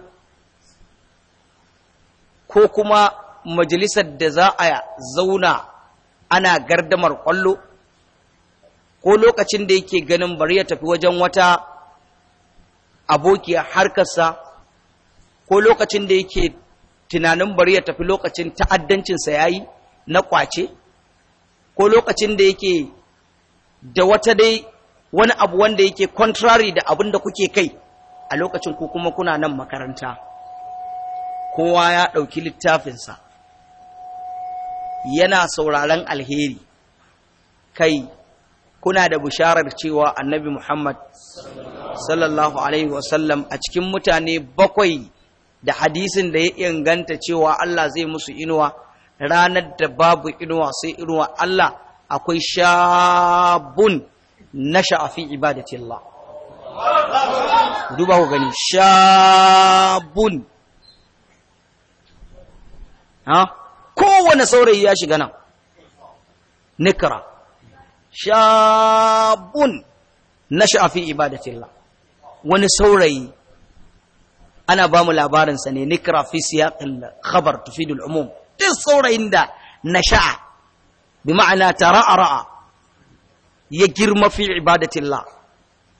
ko kuma majalisar da za a zauna ana gardamar ƙwallo ko lokacin da yake ganin bari ya tafi wajen wata abokiyar harkarsa ko lokacin da yake tunanin bari ya tafi lokacin ta'addancinsa ya yi na ƙwace ko lokacin da yake da wata dai wani abu wanda yake contrary da abin da kuke kai a lokacin ku kuma kuna nan makaranta kowa ya ɗauki littafinsa yana sauraron alheri kai kuna da bisharar cewa annabi Muhammad sallallahu alaihi wasallam a cikin mutane bakwai da hadisin da ya inganta cewa Allah zai musu inuwa ranar da babu inuwa sai inuwa Allah akwai shabun nasha'a fi ibadati Allah duba ku gani shabun ha kowane saurayi ya shiga nan nikra shabun nasha'a fi ibadati Allah wani saurayi ana ba mu labarinsa ne nikra fi siyaqil khabar tufidul umum duk saurayin da nasha'a ta ra'a-ra'a. ya girma fi tilla,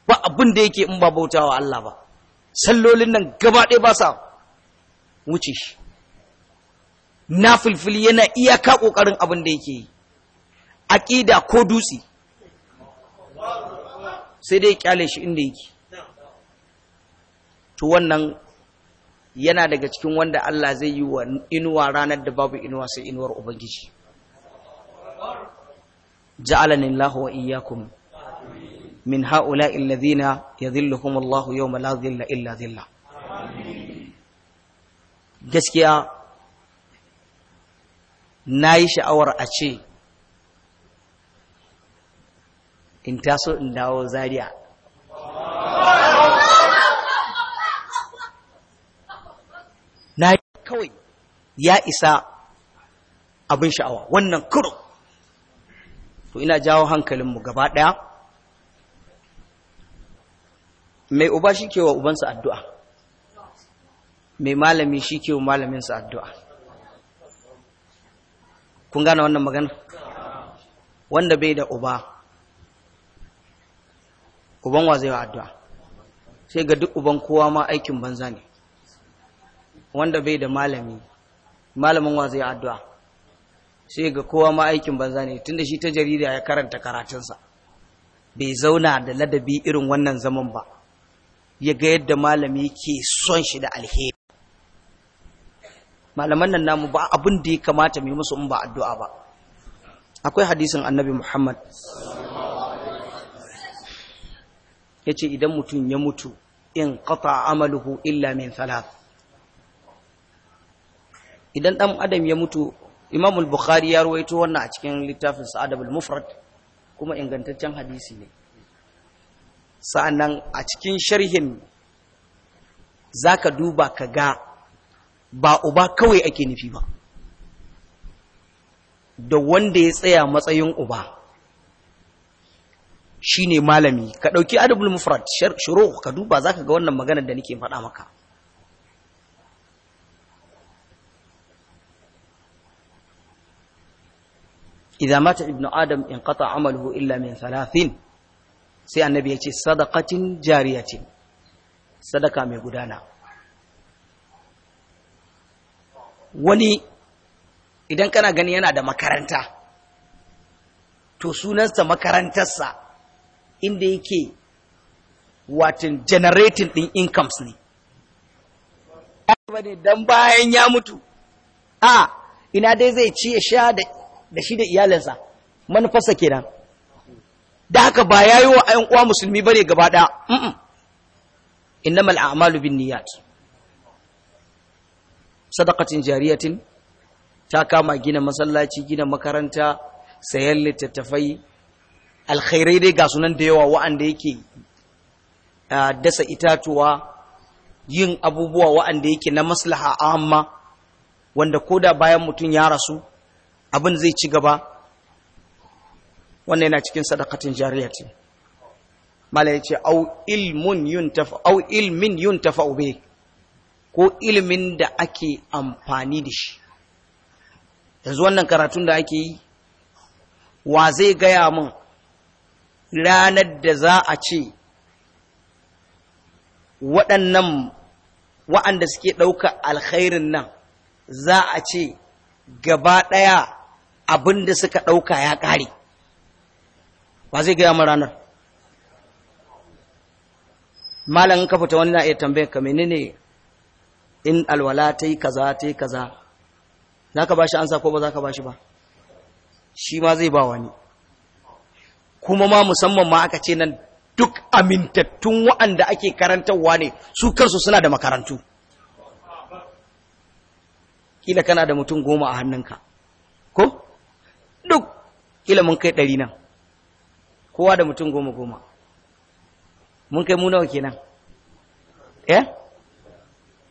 ba abin da yake in ba bautawa Allah ba sallolin nan gaba ɗaya ba sa wuce shi na filfili yana iyaka ƙoƙarin abin da yake yi aƙida ko dutse sai dai kyale shi inda yake to wannan yana daga cikin wanda Allah zai yi wa inuwa ranar da babu inuwa sai inuwar Ubangiji ja'alani Allah wa iyyakum min ha'ula'i alladhina yadhilluhum Allah yawma la dhilla illa dhillah gaskiya nayi sha'awar a ce in taso in dawo zaria na kawai ya isa abin sha'awa wannan kuro to ina jawo hankalinmu gaba ɗaya mai uba shi ke wa ubansa addu'a mai malami shi ke wa malaminsa addu'a kun gane wannan magana wanda bai da uba uban wa zai wa addu'a sai ga duk uban kowa ma aikin banza ne wanda bai da malami malamin wa zai addu'a sai ga kowa ma aikin banza ne tunda shi ta jarida ya karanta karatunsa bai zauna da ladabi irin wannan zaman ba ya ga yadda malami ke son shi da alheri malaman nan namu ba abin da ya kamata mai musu in ba addu'a ba akwai hadisin annabi muhammad ya ce idan mutum ya mutu in kafa amaluhu illa min salat idan ɗan adam ya mutu Imam bukhari ya ruwaito wannan a cikin littafin Sa'ad al-Mufrad kuma ingantaccen hadisi ne. Sa'annan a cikin sharhin zaka duba ka ga ba uba kawai ake nufi ba. Da wanda ya tsaya matsayin uba shine malami ka dauki adabul mufrad shuruh ka duba zaka ga wannan magana da nake faɗa maka. idza mata ibnu adam in qata amaluhu illa min thalathin sai annabi ya ce sadaqatin jariyatin sadaka mai gudana wani idan kana gani yana da makaranta to sunansa makarantarsa inda yake watin generating din incomes ne ba ne dan bayan ya mutu a ina dai zai ci ya sha da da shi da iyalinsa manufarsa nan da haka ba ya yi wa 'yan uwa musulmi ne gaba ɗaya inna innamal a'malu niyat sadakacin jariyatin ta kama gina masallaci gina makaranta sayan littattafai alkhairai dai ga sunan da yawa wa'anda yake dasa itatuwa yin abubuwa wa'anda yake na maslaha amma wanda koda bayan mutum ya rasu abin zai ci gaba wannan yana cikin sadakatin jariya ce mala ya ce au ilmin yun tafa ube ko ilmin da ake amfani da shi yanzu wannan karatun da ake yi wa zai gaya min ranar da za a ce waɗannan wa'anda suke ɗauka alkhairin nan za a ce gaba ɗaya abin da suka ɗauka ya ƙare ba zai gaya ma ranar malam ka fita wani na iya tambayar ka menene in alwala ta yi kaza ta yi kaza za ka ba shi ansa ko ba za ka ba shi ba shi ma zai ba wani kuma ma musamman ma aka ce nan duk amintattun wa'anda ake karantarwa ne su kansu suna da makarantu kila kana da mutum goma a hannunka ko duk kila mun kai ɗari nan kowa da mutum goma goma mun kai mu nawa kenan ya eh?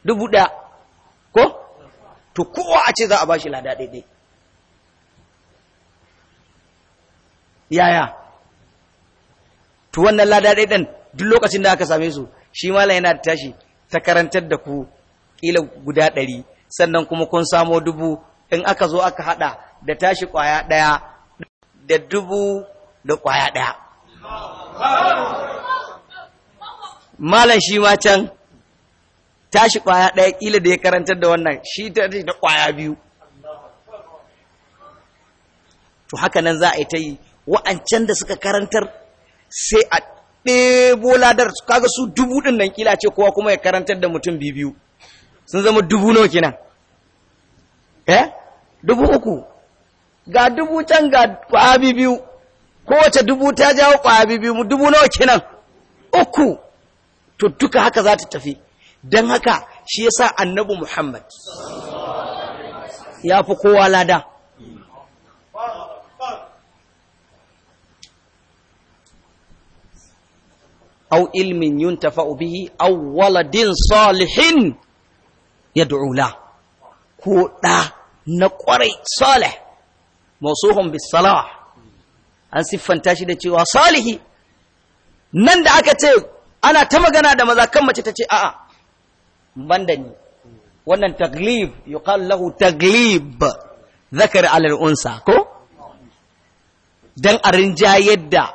dubu ɗaya ko to kowa a ce za a bashi lada daidai yaya to wannan lada daidan duk lokacin da aka same su shi malam yana tashi ta karantar da ku ƙila guda ɗari sannan kuma kun samo dubu in aka zo aka haɗa da tashi kwaya ɗaya da dubu da kwaya ɗaya. Malam shi ma can tashi kwaya ɗaya ƙila da ya karantar da wannan shi ta da kwaya biyu. To haka nan za a yi ta yi wa'ancan da suka karantar sai a ɗebo ladar kaga su dubu ɗin nan ƙila ce kowa kuma ya karantar da mutum biyu sun zama dubu nawa kenan. Eh? Dubu uku ga dubu can ga ƙwabi biyu kowace dubu ta jawo ƙwabi biyu dubu nawa kinan, uku to duka haka za ta tafi don haka shi ya sa annabi Muhammad ya fi kowa lada au ilmin yuntafa'u bihi au waladin salihin Ya la ko da na ƙwarai salih mausuhun bis an siffanta shi da cewa salihi nan da aka ce ana ta magana da maza kan mace ta ce a'a banda ni wannan taglib yuqal lahu taglib zakar al'unsa ko? ko dan arinja yadda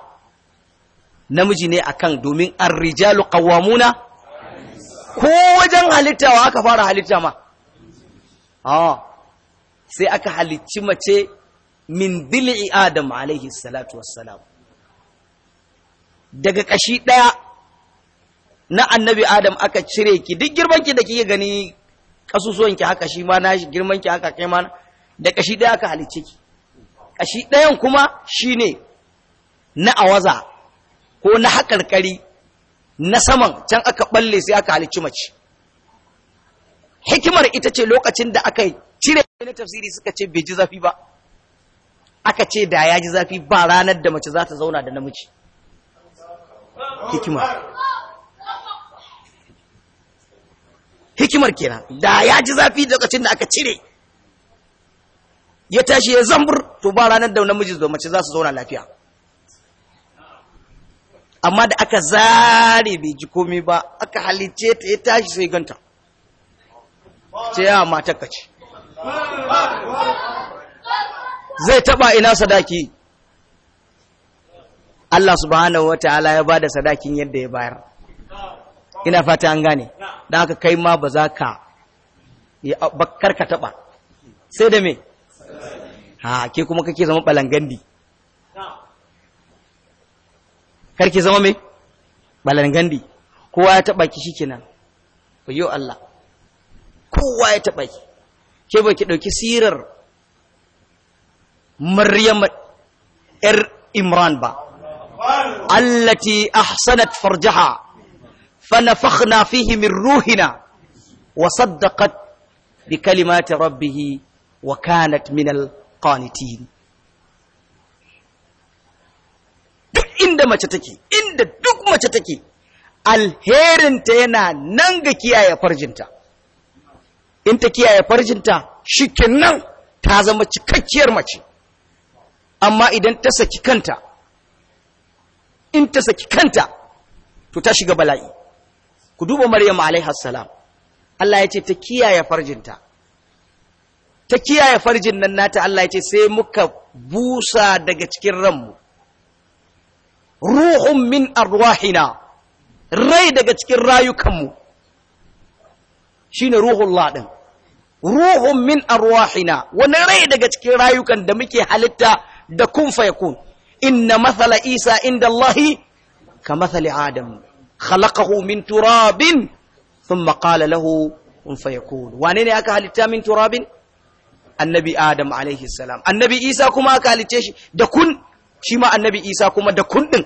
namiji ne akan domin rijalu qawwamuna ko wajen halitta aka fara halitta ma ah sai aka halicci mace min dil'i adam alaihi salatu wassalam daga kashi daya na annabi adam aka cire ki duk girman ki da kike gani kasusuwan ki haka shi ma na girman ki haka kai ma da kashi daya aka halicce ki kashi dayan kuma shine na awaza ko na hakarkari na saman can aka balle sai aka halicci mace hikimar ita ce lokacin da aka cire na tafsiri suka ce bai ji zafi ba aka ce da ya ji zafi ba ranar da mace za ta zauna da namiji hikima hikimar kenan da ya ji zafi lokacin da aka cire ya tashi ya zambur to ba ranar da namiji da mace za su zauna lafiya amma da aka zare bai ji komai ba aka halice ta ya tashi sai ganta ce ya matar zai taba ina sadaki Allah subhanahu wataala ya bada sadakin yadda ya bayar ina fata an gane dan haka kai ma ba za ka bakkar ka taba sai da me ha ke kuma kake zama balangandi karki zama me balangandi kowa ya taba ki shikenan wayo Allah kowa ya taba ki ke baki dauki sirar maryama ‘yar imran ba allati ahsanat farjaha fanafakhna fihi min ruhina wa saddaqat bi kalimati rabbihi wa kanat min duk inda mace take inda duk mace take alherinta yana nan ga kiyaye farjinta in ta kiyaye farjinta shi nan ta zama cikakkiyar mace amma idan ta saki kanta in ta saki kanta to ta shiga bala'i ku duba maryam alaiha salam Allah ya ce ta kiyaye farjinta ta kiyaye farjin nan nata Allah ya ce sai muka busa daga cikin ranmu ruhun min arwahina rai daga cikin rayukanmu shine ruhun din ruhun min arwahina wani rai daga cikin rayukan da muke halitta da kun fayakun inna mathala isa inda allahi ka mathali adam khalaqahu min turabin thumma qala lahu kun fayakun wane ne aka halitta min turabin annabi adam alaihi salam annabi isa kuma aka halice shi da kun shi ma annabi isa kuma da kun din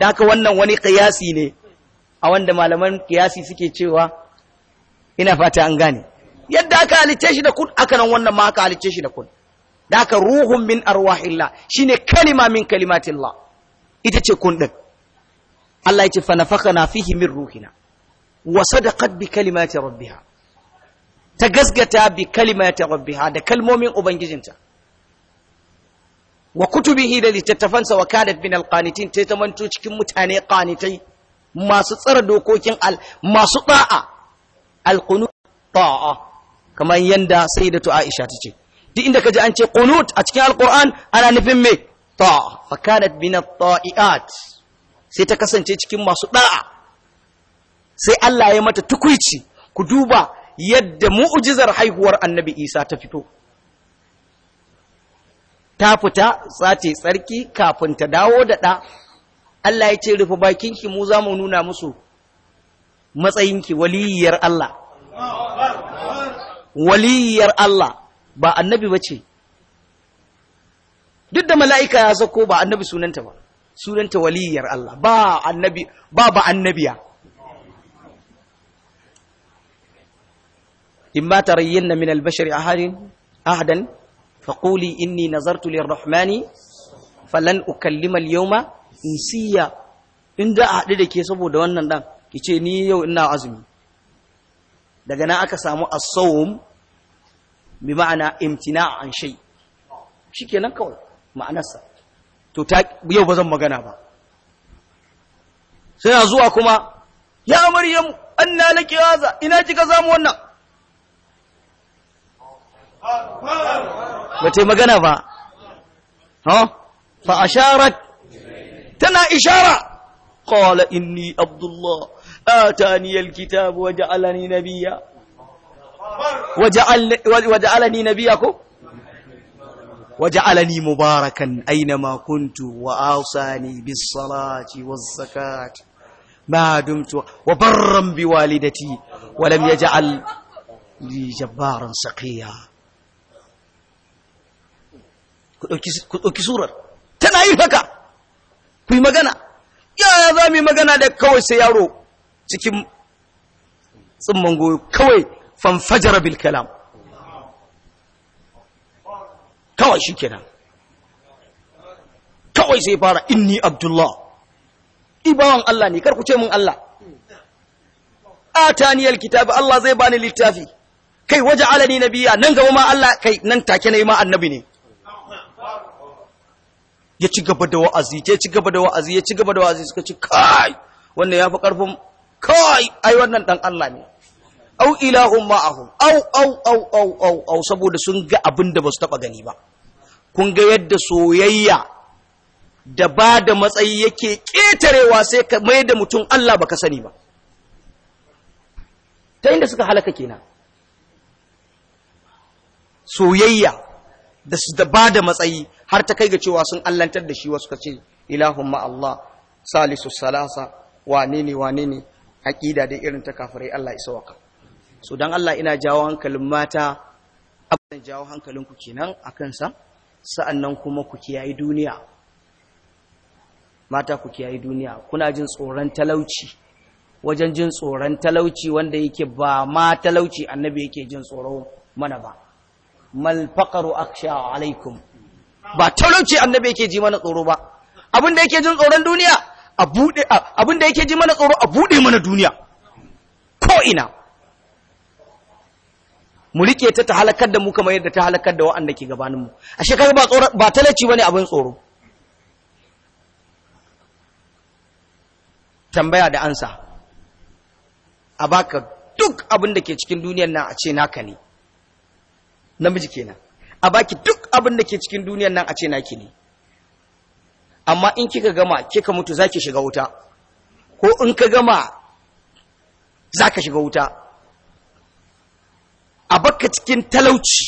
da haka wannan wani qiyasi ne a wanda malaman qiyasi suke cewa ina fata an gane yadda aka halice shi da kun aka nan wannan ma aka halice shi da kun da aka ruhun min arwahillah shine kalima min kalimatillah ita ce kun Allah ya ce fa na fihi min ruhina wa sadaqat bi kalimati rabbiha ta gasgata bi kalimati rabbiha da kalmomin ubangijinta wa kutubihi da littattafansa wa kadat min alqanitin ta zamanto cikin mutane qanitai masu tsara dokokin al masu da'a alqunu ta'a kamar yanda sayyidatu Aisha ta ce duk inda kaji an ce qunut a cikin alquran ana nufin me ta fa kanat min at-ta'iat sai ta kasance cikin masu da'a sai Allah ya mata tukuici ku duba yadda mu'jizar haihuwar annabi Isa ta fito ta fita sace tsarki kafin ta dawo da ɗa Allah ya ce rufe bakinki mu za mu nuna musu matsayinki Waliyyar Allah waliyar Allah ba annabi ba ce duk da mala'ika ya zako ba annabi sunanta ba sunanta waliyyar Allah ba annabi ba ba annabiya imma tarayyanna min albashari ahadin ahadan faquli inni nazartu lirrahmani falan ukallimal alyawma insiya in da a haɗu da ke saboda wannan ɗan ki ce ni yau ina azumi daga nan aka samu asawum bi ma'ana imtina an shay shikenan kawai ma'anarsa to ta yau ba zan magana ba Suna zuwa kuma ya maryam anna laki haza ina kika samu wannan ba ta magana ba ha fa shara, tana ishara qala inni a abdullah atani alkitab wa ja'alani nabiyya waja'alani nabiyya ko waja'alani mubarakan aina kuntu wa ausani bis salati waz zakati ma dumtu wa barran bi walidati wa lam yaj'al li jabbaran saqiya ku ɗauki surar tana yi haka ku yi magana ya za mu yi magana da kawai sai yaro cikin tsumman goyo kawai fanfajara bil kalam kawai shi kenan kawai sai fara inni abdullah ibawan Allah ne karku ce min Allah ataniyal kitabi Allah zai bani littafi kai waje waja'alani nabiyya nan gaba ma Allah kai nan take na yi ma annabi ne ya ci gaba da wa'azi ya ci gaba da wa'azi ya ci gaba da wa'azi suka ci kai wannan ya fi karfin kai ai wannan dan Allah ne au ilahun ma'ahu au au au au au au saboda sun ga abin da ba su taɓa gani ba kun ga yadda soyayya da ba da matsayi yake ƙetarewa sai ka mai da mutum Allah baka sani ba ta inda suka halaka kenan soyayya da su da ba da matsayi har ta kai ga cewa sun allantar da shi wasu ka ce ilahun ma'allah salisu salasa wane ne wane ne aƙida da irin ta kafirai Allah isa waka so don Allah ina jawo hankalin mata abin jawo hankalin ku kenan a kansa sa'annan kuma ku kiyayi duniya mata ku kiyayi duniya kuna jin tsoron talauci wajen jin tsoron talauci wanda yake ba ma talauci annabi yake jin tsoro mana ba mal faqaru akhsha alaikum ba talauci annabi yake ji mana tsoro ba abin da yake jin tsoron duniya a bude abin da yake ji mana tsoro a bude mana duniya ko ina mu rike ta ta halakar da mu kamar yadda ta halakar da wa'anda ke gabaninmu a shekaru ba ba talauci bane abin tsoro tambaya da ansa a baka duk abin da ke cikin duniyar nan a ce naka ne namiji kenan a baki duk abin da ke cikin duniyar nan a ce naki ne amma in kika gama kika mutu zaki shiga wuta ko in ka gama zaka shiga wuta a baka cikin talauci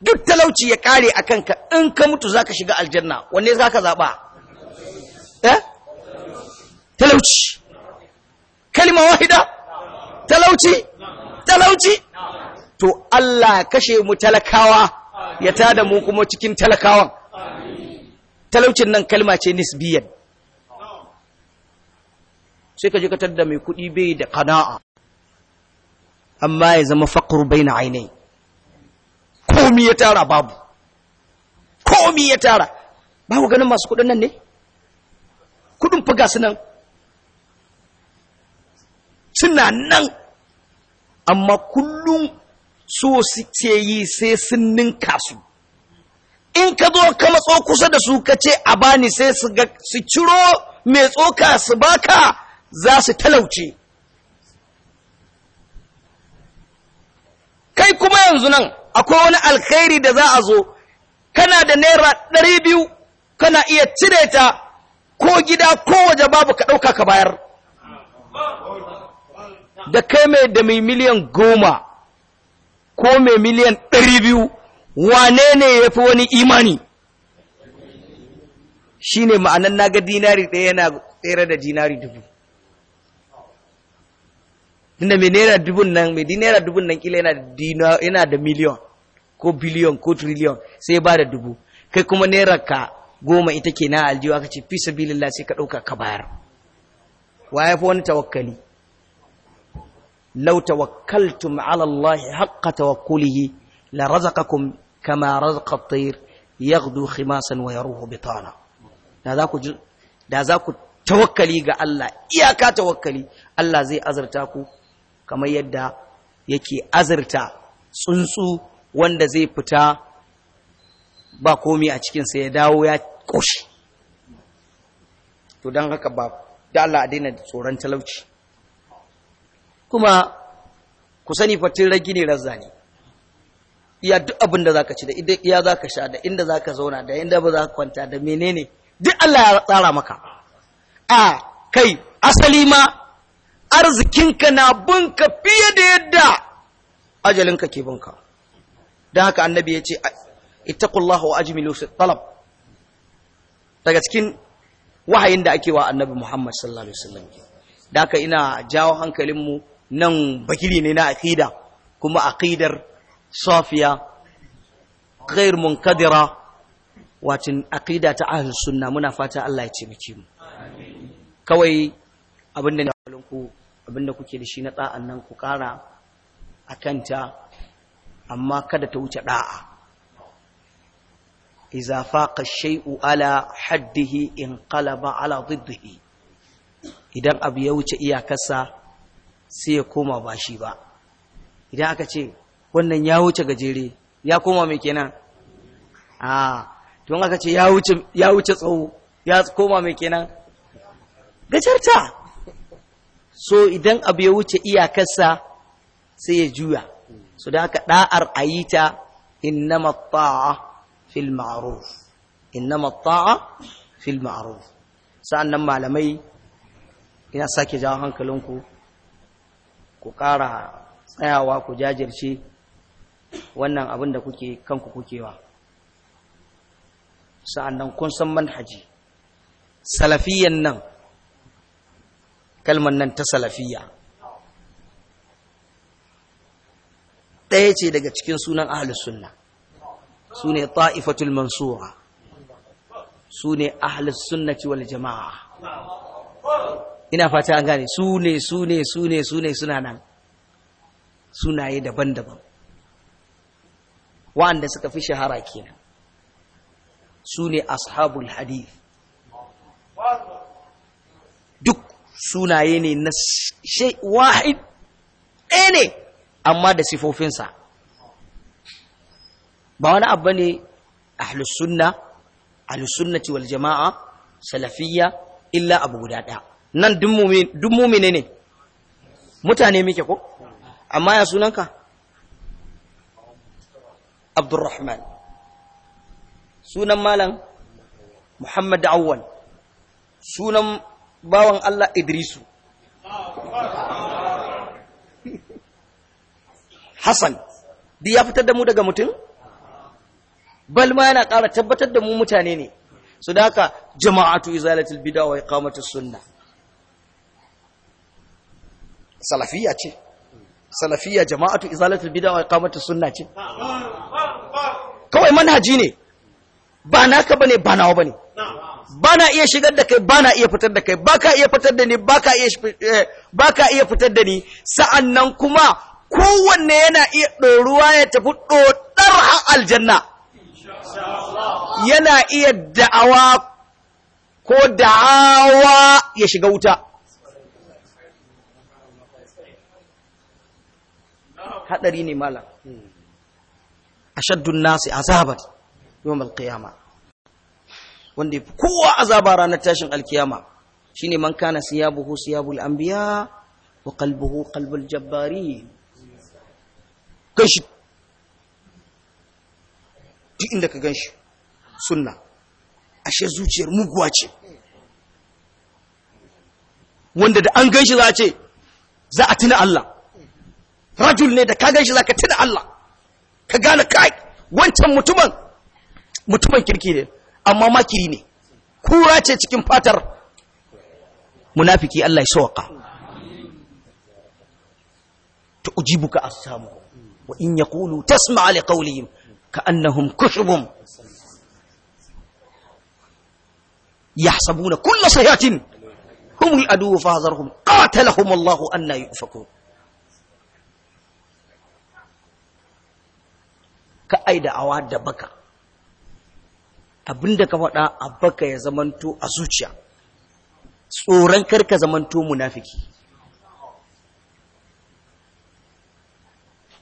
duk talauci ya kare a kanka in ka mutu za ka shiga aljanna wanne za ka zaɓa eh? talauci kalima wahida talauci talauci to Allah kashe mu talakawa ya tada mu kuma cikin talakawan talaucin nan kalma ce nisbiyan sai ka je ka tadda mai kuɗi bai da kana'a amma ya zama faƙar bai na ainihi komi ya tara babu komi ya tara babu ganin masu kuɗin nan ne kuɗin fuga su nan suna nan amma kullum so suke yi sai sun ninka su in ka zo ka matso kusa da su ka ce a bani sai su ciro mai tsoka su baka za su talauce kai kuma yanzu nan akwai wani alkhairi da za a zo kana da naira ɗari biyu kana iya cire ta ko gida ko waje babu ka ɗauka ka bayar da kai mai da mai miliyan goma ko mai miliyan ɗari biyu wane ne ya fi wani imani shi ne ma'anan na ga dinari ɗaya yana tsere da dinari dubu tunda mai naira dubun nan mai naira dubun nan kila yana da miliyon ko biliyon ko triliyon sai ba da dubu kai kuma naira ka goma ita ke na aljiwa ka ce fi sabilillah sai ka ɗauka ka bayar wa ya fi wani tawakkali lau tawakkaltum ala Allah haqqa tawakkulihi la razaka kum kama razaka tair ya gudu khimasan wa ruhu bitana da za ku da za ku tawakkali ga Allah iyaka tawakkali Allah zai azarta ku kamar yadda yake azurta tsuntsu wanda zai fita ba komi a cikinsa ya dawo ya ƙoshi to don haka ba da Allah a daina tsoron talauci kuma ku sani fatin ragi ne razza ne iya duk abin da za ka ci da iya za ka sha da inda za ka zauna da inda ba za ka kwanta da menene duk Allah ya tsara maka a kai asali ma arzikinka na bunka fiye da yadda ajalinka ke bunka don haka annabi ya ce ittaqullaha wa ajmilu fi talab daga cikin wahayin da ake wa annabi Muhammad sallallahu alaihi wasallam da haka ina jawo hankalinmu nan bakili ne na akida kuma akidar safiya ghair munkadira wacin akida ta ahlus sunna muna fata Allah ya ce mu kawai abinda ne ku abinda kuke da shi na ɗa'an nan ku ƙara a kanta amma kada ta wuce ɗa'a iza faƙa shai'u ala haddihi in ƙalaba ala ziddihi idan abu ya wuce iyakarsa sai ya koma ba shi ba idan aka ce wannan ya wuce gajere ya koma mai kenan a tun aka ce ya wuce tsawo ya koma mai kenan gajarta so idan abu ya wuce iyakarsa sai ya juya so da haka da'ar ta innama ta'a fil ma'ruf innama ta'a fil ma'ruf sa'annan malamai ina sake jawo hankalinku ku ƙara tsayawa ku jajirce wannan abin da kuke kanku kukewa sa'annan kun san manhaji salafiyan nan kalmar nan ta salafiya. ɗaya ce daga cikin sunan ahlus sunna su ne ta'ifatul mansura su ne ahlus sunnati wal jama'a ina fata an gane su ne su ne su ne su ne suna nan sunaye daban-daban wa'anda suka fi shahara kenan su ne ashabul hadith sunaye ne na shai wahid ɗaya ne amma da sifofinsa ba wani abu ne ahlussunna ahlussunnati wal jama'a salafiyya illa abu guda ɗaya nan duk mumine ne mutane muke ko amma ya sunanka abdurrahman sunan malam muhammad awwal sunan bawan Allah Idrisu Hassan di ya fitar da mu daga mutum bal ma yana ƙara tabbatar da mu mutane ne su da haka jama'atu izalatul bid'a wa iqamatus sunna Salafiya ce Salafiya jama'atu izalatul bid'a wa iqamatus sunna ce kawai manhaji ne ba naka bane ba nawa bane ba na iya shigar da kai ba na iya fitar da kai ba ka iya fitar da ni ba ka iya eh, fitar da ni sa'an nan kuma kowanne yana iya ɗoruwa ya tafi ɗoɗar aljanna yana iya da'awa ko da'awa ya shiga wuta haɗari ne malam shaddun nasi azabat yawm al-qiyamah wanda ya fi kowa azaba ranar tashin alkiyama shine man kana siyabuhu siyabul anbiya wa qalbuhu qalbul Jabari. kashi duk inda ka ganshi sunna ashe zuciyar muguwa ce wanda da an ganshi za a ce za a tuna Allah rajul ne da ka ganshi za ka tuna Allah ka gane kai wancan mutumin mutumin kirki ne amma makiri ne kura ce cikin fatar munafiki Allah ya sauka ta ujibuka asamu wa in yaqulu tasma' li qawlihim ka'annahum kushubun yahsabuna kull sayhatin hum al-adu fahzarhum qatalahum Allah anna yufakun ka aida awa da baka Abin da ka faɗa a baka ya zamanto a zuciya tsoron karka zamanto munafiki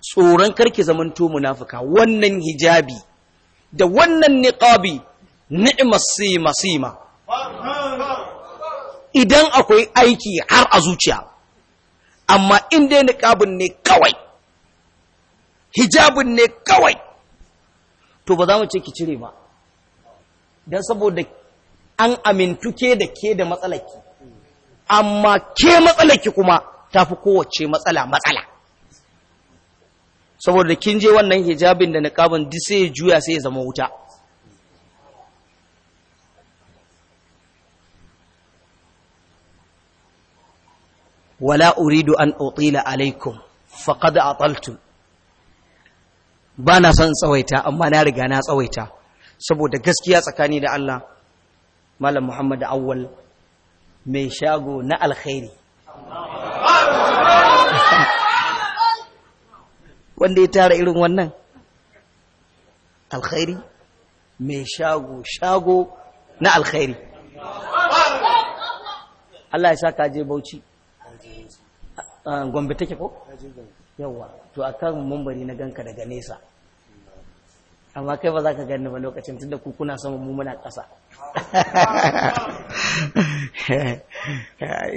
tsoron karki zamanto munafuka wannan hijabi da wannan niqabi ni'mas sima sima idan akwai aiki har a zuciya amma inda dai niqabin ne kawai hijabin ne kawai to ba za mu ce ki cire ba don saboda an amintu ke da ke da matsalaki amma ke matsalaki kuma ta fi kowace matsala matsala saboda kin je wannan hijabin da niqabin duk sai ya juya sai ya zama wuta wala uridu an utila alaikum faqad ataltum ba na son tsawaita amma na riga na tsawaita saboda gaskiya tsakani da Allah malam Muhammad Awwal mai shago na alkhairi wanda ya tara irin wannan alkhairi mai shago shago na alkhairi Allah ya sa ka je Bauchi ah, Gombe take ko yawa to akan mumbari na ganka daga nesa amma kai ba za ka gani ba lokacin tunda da kukuna sama mu muna ƙasa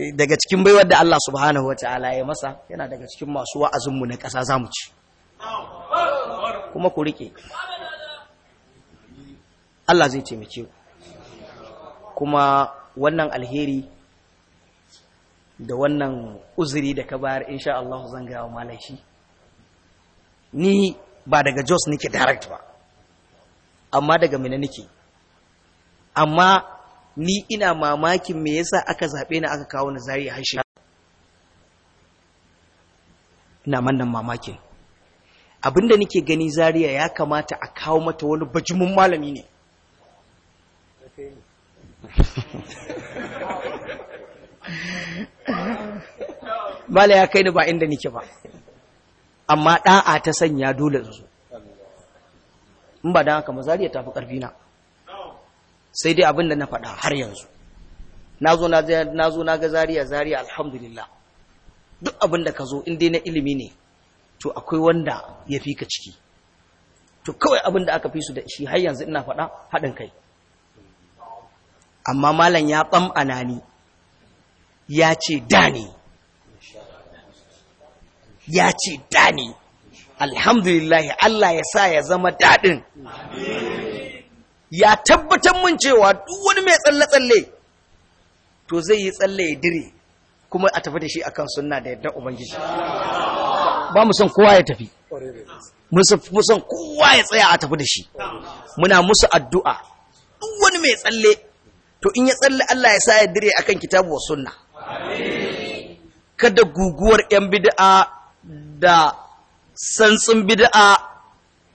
daga cikin baiwar da Allah subhanahu Ta'ala ya masa yana daga cikin masu wa'azinmu na ƙasa za mu ci kuma ku riƙe. Allah zai taimake ku kuma wannan alheri da wannan uzuri da ka bayar insha Allah zan ga wa malashi ni ba daga Jos nake direct ba amma daga mina nake amma ni ina mamakin me yasa aka zaɓe ni aka kawo ni zariya har ina mannan mamakin abinda nake gani zariya ya kamata a kawo mata wani bajimin malami ne mala ya kai ni ba inda nake ba amma ɗa'a ta sanya dole zo in ba don haka mazariya ta fi karfi na sai dai abin da na faɗa har yanzu na zo na ga zariya zariya alhamdulillah duk abin da ka zo in dai na ilimi ne to akwai wanda ya fi ka ciki to kawai abin da aka fi su da shi har yanzu ina faɗa haɗin kai amma malam ya a ni ya ce da ya ce da alhamdulillah Allah ya sa ya zama daɗin ya tabbatar mun cewa duk wani mai tsalle-tsalle to zai yi tsalle ya dire kuma a tafi da shi akan sunna da yadda ubangiji ba mu son kowa ya tafi mu san kowa ya tsaya a tafi da shi muna musu addu'a duk wani mai tsalle to in ya tsalle Allah ya sa ya dire akan kitabu wa sunna kada guguwar yan bid'a da santsin bid'a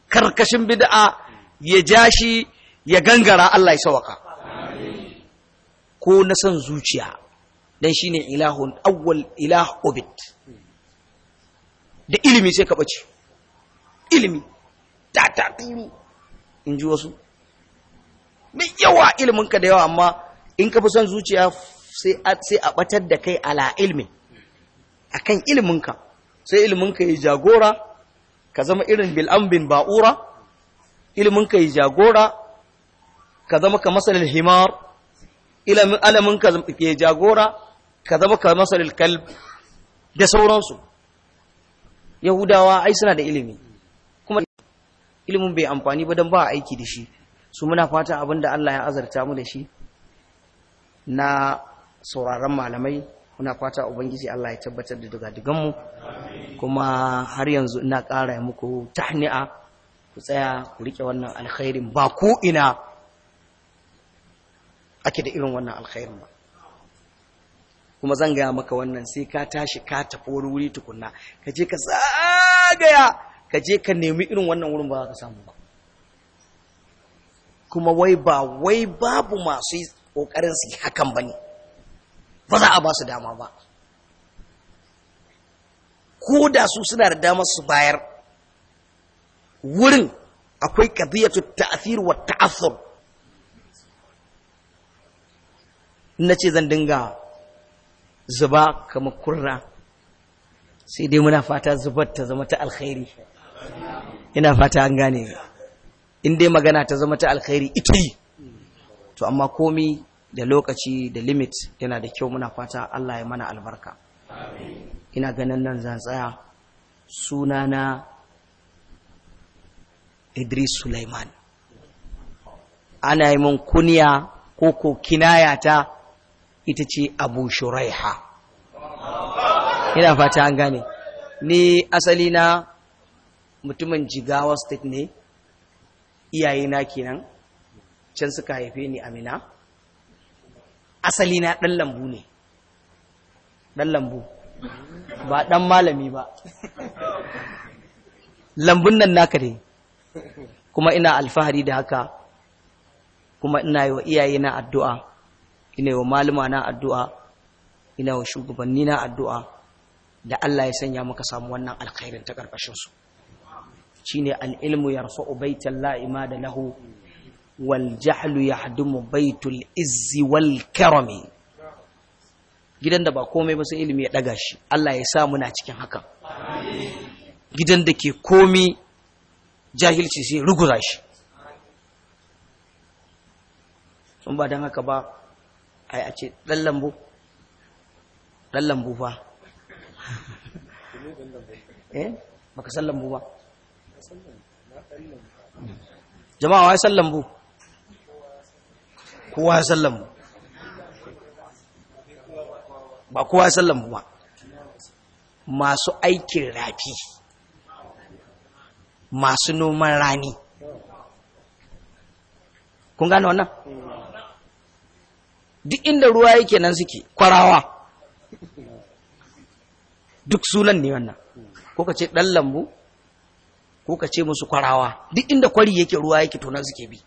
karkashin bid'a ya ja shi ya gangara Allah ya sawaka ko na san zuciya dan shine ilahun awwal ilah ubid da ilimi sai ka bace ilimi ta ta turu in ji wasu mai yawa ilimin ka da yawa amma in ka fi son zuciya sai a batar da kai ala ilmin akan ilimin ka sai ilimin ka ya jagora ka zama irin bilambin bin ba'ura ilimin ka yi jagora ka zama ka masalil himar ilimin ka ke jagora ka zama ka masalil kalb da sauransu yahudawa ai suna da ilimi kuma ilimin bai amfani ba don ba aiki da shi su muna fata abin da Allah ya azarta mu da shi na sauraron malamai muna kwata ubangiji Allah ya tabbatar da mu kuma har yanzu ina ƙara muku tahni'a ku tsaya ku rike wannan alkhairin ba ko ina ake da irin wannan alkhairin ba kuma zan gaya maka wannan sai ka tashi ka tafi wani wuri tukunna ka je ka zagaya ka je ka nemi irin wannan wurin ba za ka samu ba kuma wai ba wai babu masu ƙoƙarin su hakan ba ne ba za a ba su dama ba ko da su suna da damar su bayar wurin akwai qadiyatu ta'thir wa ta'assur nace zan dinga zuba kama kurra sai dai muna fata zubar ta zama ta alkhairi ina fata an gane in dai magana ta zama ta alkhairi ita yi to amma komi da lokaci da limit yana da kyau muna fata Allah ya mana albarka ina ganin nan zan tsaya sunana Idris Sulaiman ana yi mun kuniya ko ko kinaya ta ita ce Abu Shuraiha ina fata an gane ni asali na mutumin Jigawa state ne iyayena kenan can suka haife ni Amina asali na ɗan lambu ne ɗan lambu ba ɗan malami ba lambun nan naka ne kuma ina alfahari da haka kuma ina yi wa iyaye na addu'a ina yi wa malama na addu'a ina wa shugabanni na addu'a da Allah ya sanya maka samu wannan alkhairin ta ƙarƙashinsu shi ne al'ilmu ya rufa ubaitan la'ima da lahu wal jahlu yahdumu baitul izzi gidan da ba komai ba sai ilimi ya daga shi Allah ya sa muna cikin haka gidan da ke komi jahilci sai ruguza shi sun ba don haka ba ai a ce ɗan lambu ɗan lambu eh? ba eh baka san lambu ba jama'a wai san lambu kowa ya sallan mu ba kowa ya sallan mu ba masu aikin rafi masu noman rani kun gane wannan duk inda ruwa yake nan suke kwarawa duk sunan ne wannan ko ka ce ɗan lambu ko ka ce musu kwarawa duk inda kwari yake ruwa yake to nan suke bi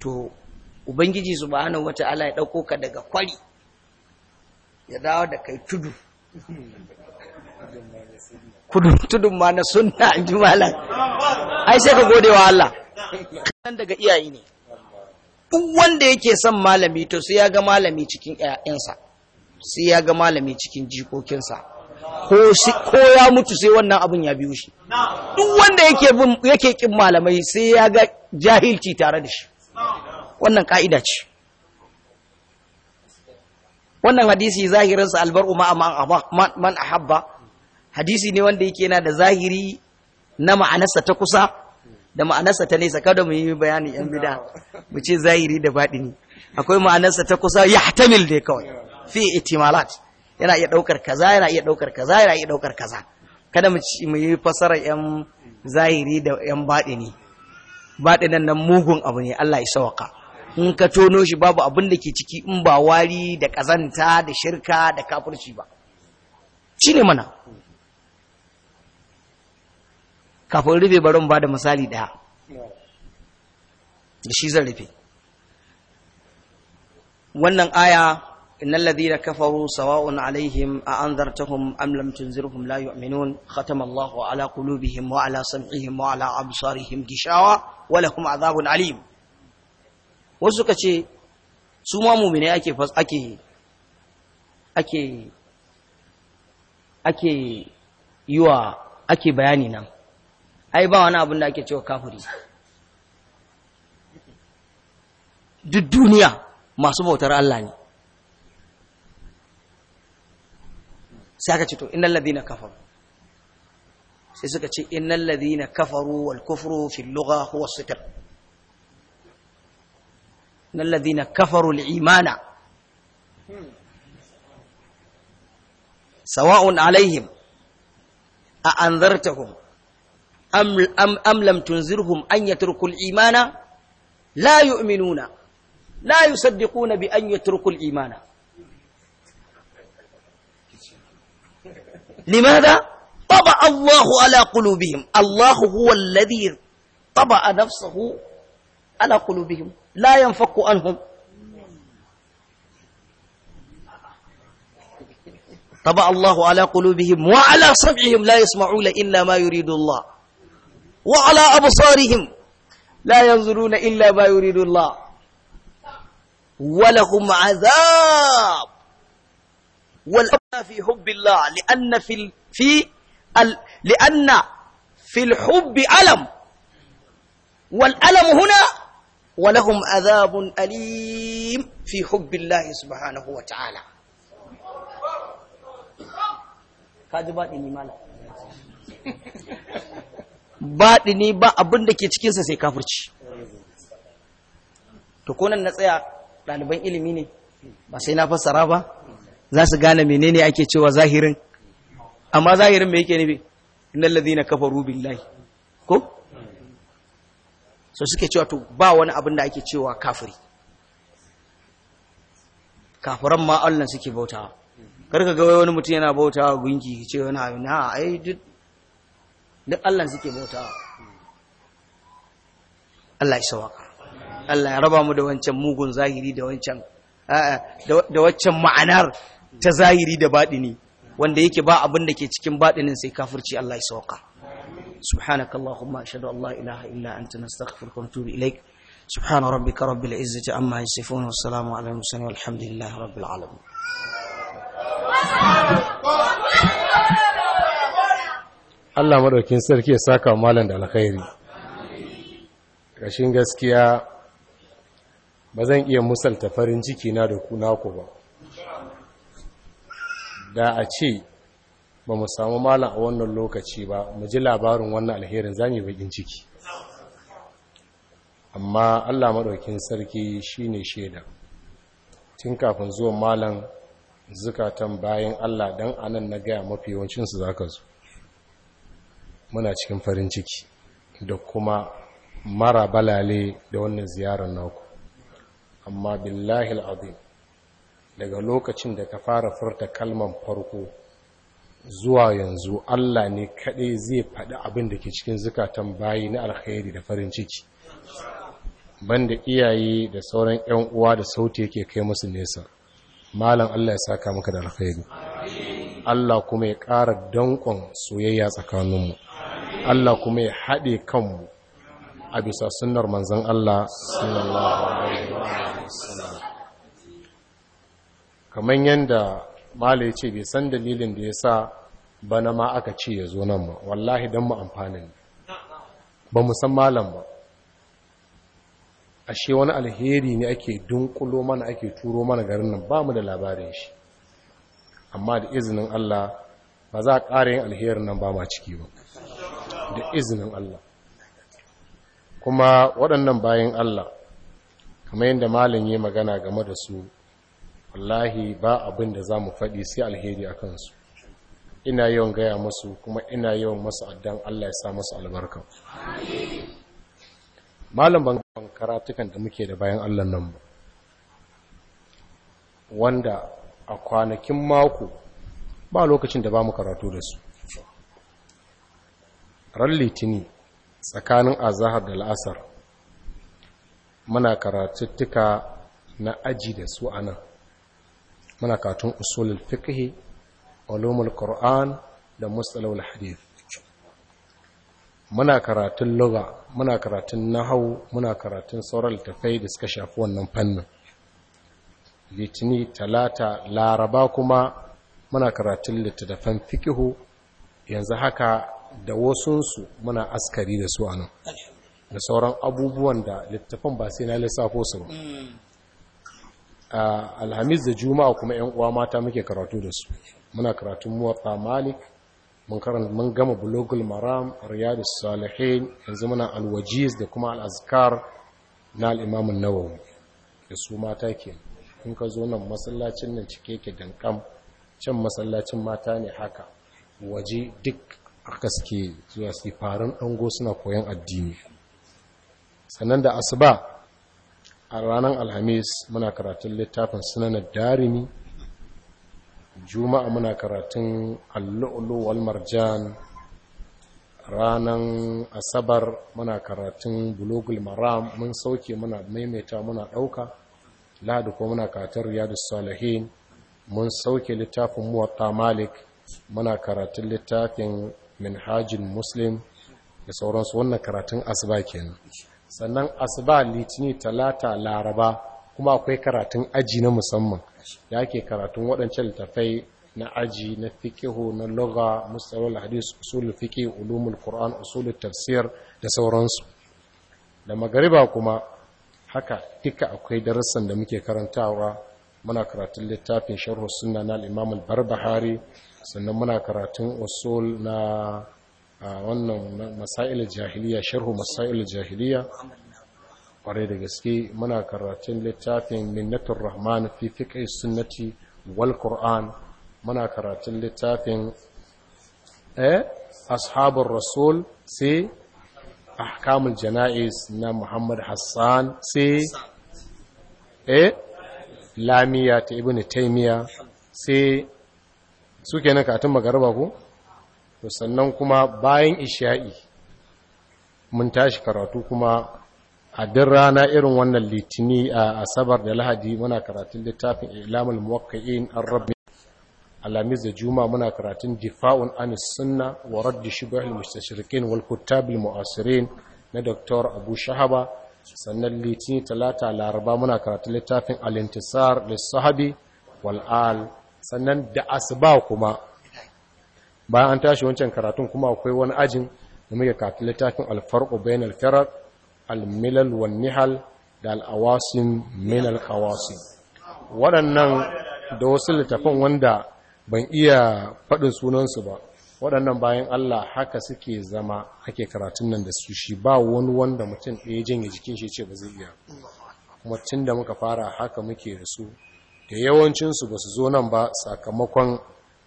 to ubangiji subhanahu ala ya ɗauko ka daga kwari ya dawo da kai tudu tudun ma na suna in ji malam ai sai ka gode wa Allah kan daga iyaye ne duk wanda yake son malami to sai ya ga malami cikin ƴaƴansa sai ya ga malami cikin jikokinsa ko ya mutu sai wannan abin ya biyo shi duk wanda yake yake kin malamai sai ya ga jahilci tare da shi wannan ka'ida ce wannan hadisi zahirinsa albar ma'a man ahabba hadisi ne wanda yake yana da zahiri na ma'anarsa ta kusa da ma'anarsa ta nesa kada mu yi bayanin yan bida mu ce zahiri da ne. akwai ma'anarsa ta kusa ya hatamil dai kawai fi itimalat yana iya ɗaukar kaza yana iya ɗaukar kaza yana iya ɗaukar kaza kada mu mu yi fasara yan zahiri da yan baɗini baɗi nan mugun abu ne Allah ya sawaka in ka tono shi babu abin da ke ciki in ba wari da ƙazanta da shirka da kafirci ba shi ne mana kafin rufe barin ba da misali ɗaya da shi zan rufe wannan aya innal ladhina kafaru sawa'un alaihim a anzartahum am lam tunzirhum la yu'minun khatama Allahu ala kulubihim wa ala sam'ihim wa ala absarihim gishawa wala kuma azabun alim wasu suka ce su ma mumine ake ake ake ake yi ake bayani nan ai ba wani abin da ake cewa kafiri duk duniya masu bautar Allah ne sai aka ce to innal ladina kafaru sai suka ce innal ladina kafaru wal kufru fil lugha huwa sitr إن الذين كفروا الإيمان سواء عليهم أأنذرتهم أم, أم, أم لم تنذرهم أن يتركوا الإيمان لا يؤمنون لا يصدقون بأن يتركوا الإيمان لماذا؟ طبع الله على قلوبهم الله هو الذي طبع نفسه على قلوبهم لا ينفك عنهم طبع الله على قلوبهم وعلى سمعهم لا يسمعون إلا ما يريد الله وعلى أبصارهم لا ينظرون إلا ما يريد الله ولهم عذاب والحب في حب الله لأن في في ال لأن في الحب ألم والألم هنا ولهم عذاب أليم في حب الله سبحانه وتعالى باطني مالا باطني abin da ke cikinsa sai kafirci to nan na tsaya ɗaliban ilimi ne ba sai na fassara ba za su gane menene ake cewa zahirin amma zahirin me yake nufi innal kafa kafaru billahi ko so suke cewa to ba wani abin da ake cewa kafiri kafiran ma Allah suke bautawa karka ga wani mutum yana bautawa gunki ce wani abu na ai duk duk Allah suke bautawa Allah ya sawaka Allah ya raba mu da wancan mugun zahiri da wancan da waccan ma'anar ta zahiri da baɗini wanda yake ba abin da ke cikin baɗinin sai kafirci Allah ya sauka سبحانك اللهم أشهد أن لا إله إلا أنت نستغفرك ونتوب إليك سبحان ربك رب العزة عما يصفون والسلام على المرسلين والحمد لله رب العالمين Allah madaukin sarki ya saka wa malam da alkhairi kashin gaskiya ba zan iya musalta farin ciki na da ku naku ba da a ce ba mu samu malam a wannan lokaci ba mu ji labarin wannan alherin za mu bakin ciki amma Allah maɗaukin sarki shi ne shaida tun kafin zuwa malam zukatan bayan Allah dan anan na gaya mafi yawancinsu za ka zo muna cikin farin ciki da kuma mara balale da wannan ziyarar naku amma billahi al'adu, daga lokacin da ka fara furta kalmar farko zuwa yanzu Allah ne kaɗai zai faɗi abin da ke cikin zukatan bayi na alkhairi da farin ciki banda iyaye da sauran 'yan uwa da sauti yake kai musu nesa malam Allah ya saka maka da alkhairi Allah kuma ya ƙara danƙon soyayya tsakaninmu Allah kuma ya haɗe kanmu a bisa sunar manzan Allah sallallahu alaihi kamar yadda. malai ya ce bai san dalilin da ya sa bana ma aka ce ya zo nan ba wallahi don mu amfani ne ba mu san malam ba ashe wani alheri ne ake dunkulo mana ake turo mana garin nan ba mu da labarin shi amma da izinin Allah ba za a ƙara yin alherin nan ba ma ciki ba da izinin Allah kuma waɗannan bayan Allah kamar yadda malin ya magana game da su wallahi ba abin da za mu faɗi sai alheri a kansu ina yawan gaya masu kuma ina yawan masu addan Allah ya sa masu albarka malam ban karatukan da muke da bayan Allah nan ba wanda a kwanakin mako ba lokacin da ba mu karatu da su ran litini tsakanin azahar da la'asar muna karatuttuka na aji da su a nan muna katun usulul fiqh ulumul qur'an da mustalahul hadith muna karatun lugha muna karatun nahwu muna karatun sauran tafai da suka shafi wannan fannin litini talata laraba kuma muna karatun littattafan fikihu yanzu haka da wasunsu muna askari da su anan da sauran abubuwan da littafin ba sai na lissafo su ba hmm. alhamis da juma'a kuma yan uwa mata muke karatu da su muna karatun muwatta malik mun mun gama bulogul maram riyadus salihin yanzu muna alwajis da kuma al'azkar na al'imamun imam da su mata ke in ka zo nan masallacin nan cike yake dankam can masallacin mata ne haka waje duk aka suke zuwa sifarin ango suna koyon addini sannan da asuba a ranar alhamis muna karatun littafin sunanar darimi juma'a muna karatun allu'ulu wal marjan ranar asabar muna karatun bulogul maram mun sauke muna maimaita muna ɗauka ladu ko muna karatun riyadu salihin mun sauke littafin muwatta malik muna karatun littafin minhajin muslim da sauransu wannan karatun asibakin sannan asuba litini talata laraba kuma akwai karatun aji na musamman da ake karatun waɗancan littafai na aji na fikihu na loga mustalahul hadis usulun fiƙi, ulumul ƙoran usulun tafsir da sauransu da magariba kuma haka duka akwai darussan da muke karantawa muna karatun littafin sharhu sunna na al barbahari sannan muna karatun usul na a wannan masail jahiliya sharhu masail jahiliya kwarai da gaske muna karatun littafin minnatur rahman fi fiqh sunnati wal qur'an muna karatun littafin eh ashabur rasul sai ahkamul jana'is na Muhammad Hassan sai eh lamiya ta ibnu taymiya sai suke nan katun magaraba ko to sannan kuma bayan isha'i mun tashi karatu kuma a din rana irin wannan litini a asabar da lahadi muna karatun littafin ilamul muwakkain an rabu. alamis da juma muna karatun difa'un anis sunna wa raddi shubahil mustashriqin wal kuttabil mu'asirin na Dr. Abu Shahaba sannan litini talata laraba muna karatun littafin al-intisar lis-sahabi wal al sannan da asba kuma bayan an tashi wancan karatun kuma akwai wani ajin da muke kafi littafin alfarko bayan alfarar almilal wa nihal da al'awasin milal awasin. waɗannan da wasu littafin wanda ban iya faɗin sunansu ba waɗannan bayan Allah haka suke zama ake karatun nan da su shi ba wani wanda mutum ɗaya janye jikin shi ce ba zai iya kuma tun da muka fara haka muke da su da yawancinsu ba su zo nan ba sakamakon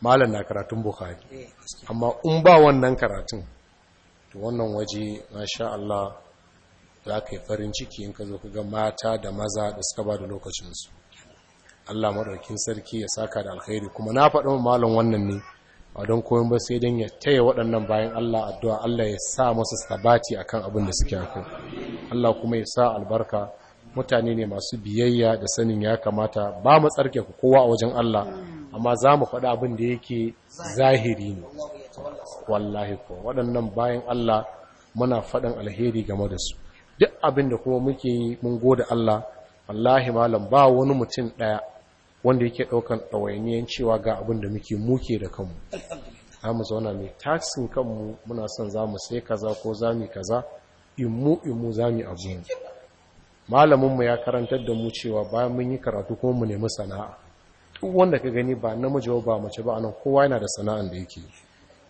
malam na karatun bukari eh, amma in ba wannan karatun to wannan waje masha Allah za ka yi farin ciki in ka zo ga mata da maza da suka ba da lokacinsu Allah maɗaukin sarki ya saka da alkhairi kuma na faɗin malam wannan ne a don koyon ba sai don ya taya waɗannan bayan Allah addu'a Allah ya sa masu sabati akan abin da suke haku. Allah kuma ya sa albarka mutane ne masu biyayya da sanin ya kamata ba mu tsarke ku kowa a wajen Allah amma za mu faɗi abin da yake zahiri ne wallahi ko waɗannan bayan Allah muna faɗin alheri game da su duk abin da kuma muke yi mun gode Allah wallahi malam ba wani mutum ɗaya wanda yake ɗaukan ɗawainiyan cewa ga abin da muke muke da kanmu za mu zauna mai taksin kanmu muna son za mu sai kaza ko za mu kaza imu imu za mu abu malaminmu ya karantar da mu cewa bayan mun yi karatu kuma mu nemi sana'a duk wanda ka gani ba namiji ba mace ba anan kowa yana da sana'an da yake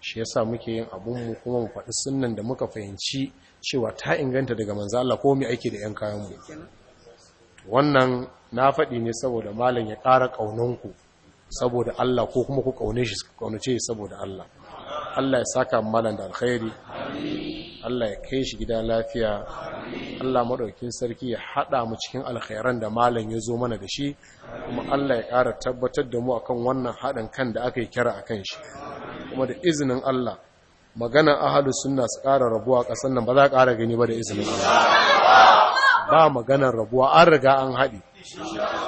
shi yasa muke yin abun abunmu kuma mu faɗi sunnan da muka fahimci cewa ta inganta daga manzo Allah ko mu aiki da ƴan kayan mu wannan na faɗi ne saboda malam ya ƙara ƙaunanku saboda Allah ko kuma ku kaune shi ƙaunace saboda Allah Allah ya saka malam da alkhairi amin Allah ya kai shi gida lafiya Allah maɗaukin sarki ya haɗa mu cikin alkhairan da malam ya zo mana da shi kuma Allah ya ƙara tabbatar da mu akan wannan haɗin kan da aka yi kira akan shi kuma da izinin Allah maganan ahlus sunna su ƙara rabuwa ƙasar nan ba za a ƙara gani ba da izinin Allah ba maganar rabuwa an riga an haɗi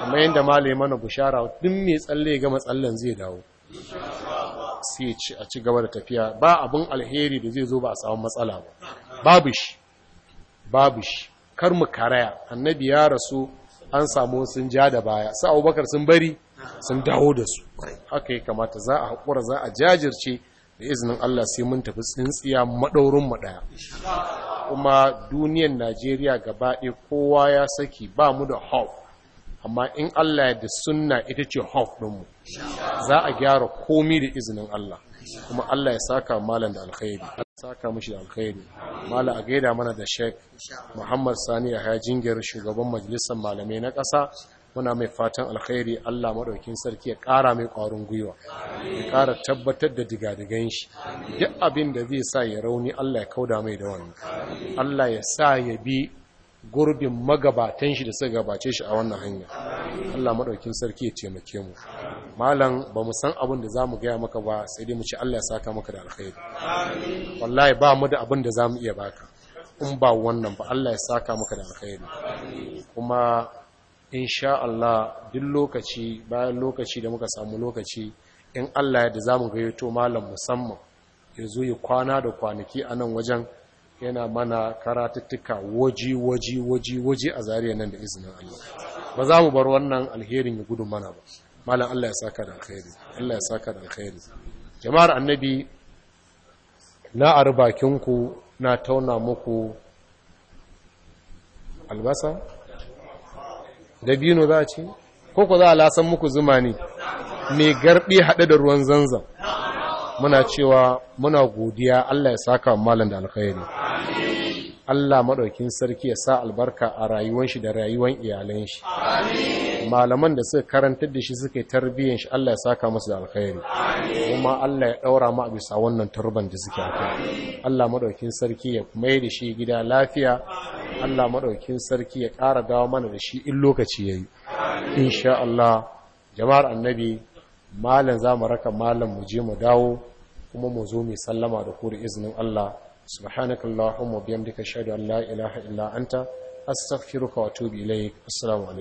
kuma yadda malam mana bushara duk mai tsalle ga matsallan zai dawo sai a ci gaba da tafiya ba abin alheri da zai zo ba a samu matsala ba babu shi babu shi kar mu karaya annabi ya rasu an samu sun ja da baya su abubakar sun bari sun dawo da su haka ya kamata za a haƙura za a jajirce da izinin Allah sai mun tafi tsintsiya maɗaurin mu ɗaya kuma duniyar Najeriya gaba ɗaya kowa ya saki ba mu da hope amma in Allah ya da sunna ita ce hof ɗinmu za a gyara komi da izinin Allah kuma Allah ya saka malam da alkhairi saka mashi da alkhairi malam a gaida mana da sheik muhammad sani ya haya jingiyar shugaban majalisar malamai na ƙasa muna mai fatan alkhairi Allah maɗaukin sarki ya ƙara mai ƙwarin gwiwa ya ƙara tabbatar da digadigan shi duk abin da zai sa ya rauni Allah ya kauda mai da wani, Allah ya sa ya bi gurbin magabatan shi da suka gabace shi a wannan hanya Allah madaukin sarki ya taimake mu malam ba mu san abin da zamu gaya maka ba sai dai mu ci Allah ya saka maka da alkhairi amin wallahi ba mu da abin da zamu iya baka in ba wannan ba Allah ya saka maka da alkhairi kuma insha Allah duk lokaci bayan lokaci da muka samu lokaci in Allah ya da zamu gayyato malam musamman ya zo ya kwana da kwanaki a nan wajen yana mana karatuttuka waji waji waji waji a zariya nan da izinin Allah ba za mu bar wannan alherin ya gudu mana ba malam Allah ya saka da alkhairi Allah ya saka da alkhairi jama'ar annabi na arbakinku na tauna muku albasa dabino za a ce? ko ku za a lasan muku zuma ne mai garbi haɗe da ruwan zanzan muna cewa muna godiya Allah ya saka malam da alkhairi Allah maɗaukin sarki ya sa albarka a rayuwan shi da rayuwan iyalan shi malaman da suka karanta da shi suka yi tarbiyyar shi Allah ya saka musu da alkhairi kuma Allah ya ɗaura ma bisa wannan turban da suke haka. Allah maɗaukin sarki ya mai da shi gida lafiya Allah maɗaukin sarki ya ƙara dawo mana da shi in lokaci yayi insha Allah jama'ar annabi malam zamu raka malam mu je mu dawo kuma mu zo mu sallama da ku da izinin Allah subhanaka allahumma biyamdika ashhadu an la ilaha illa anta astaghfiruka wa atubu ilaik assalamu alaikum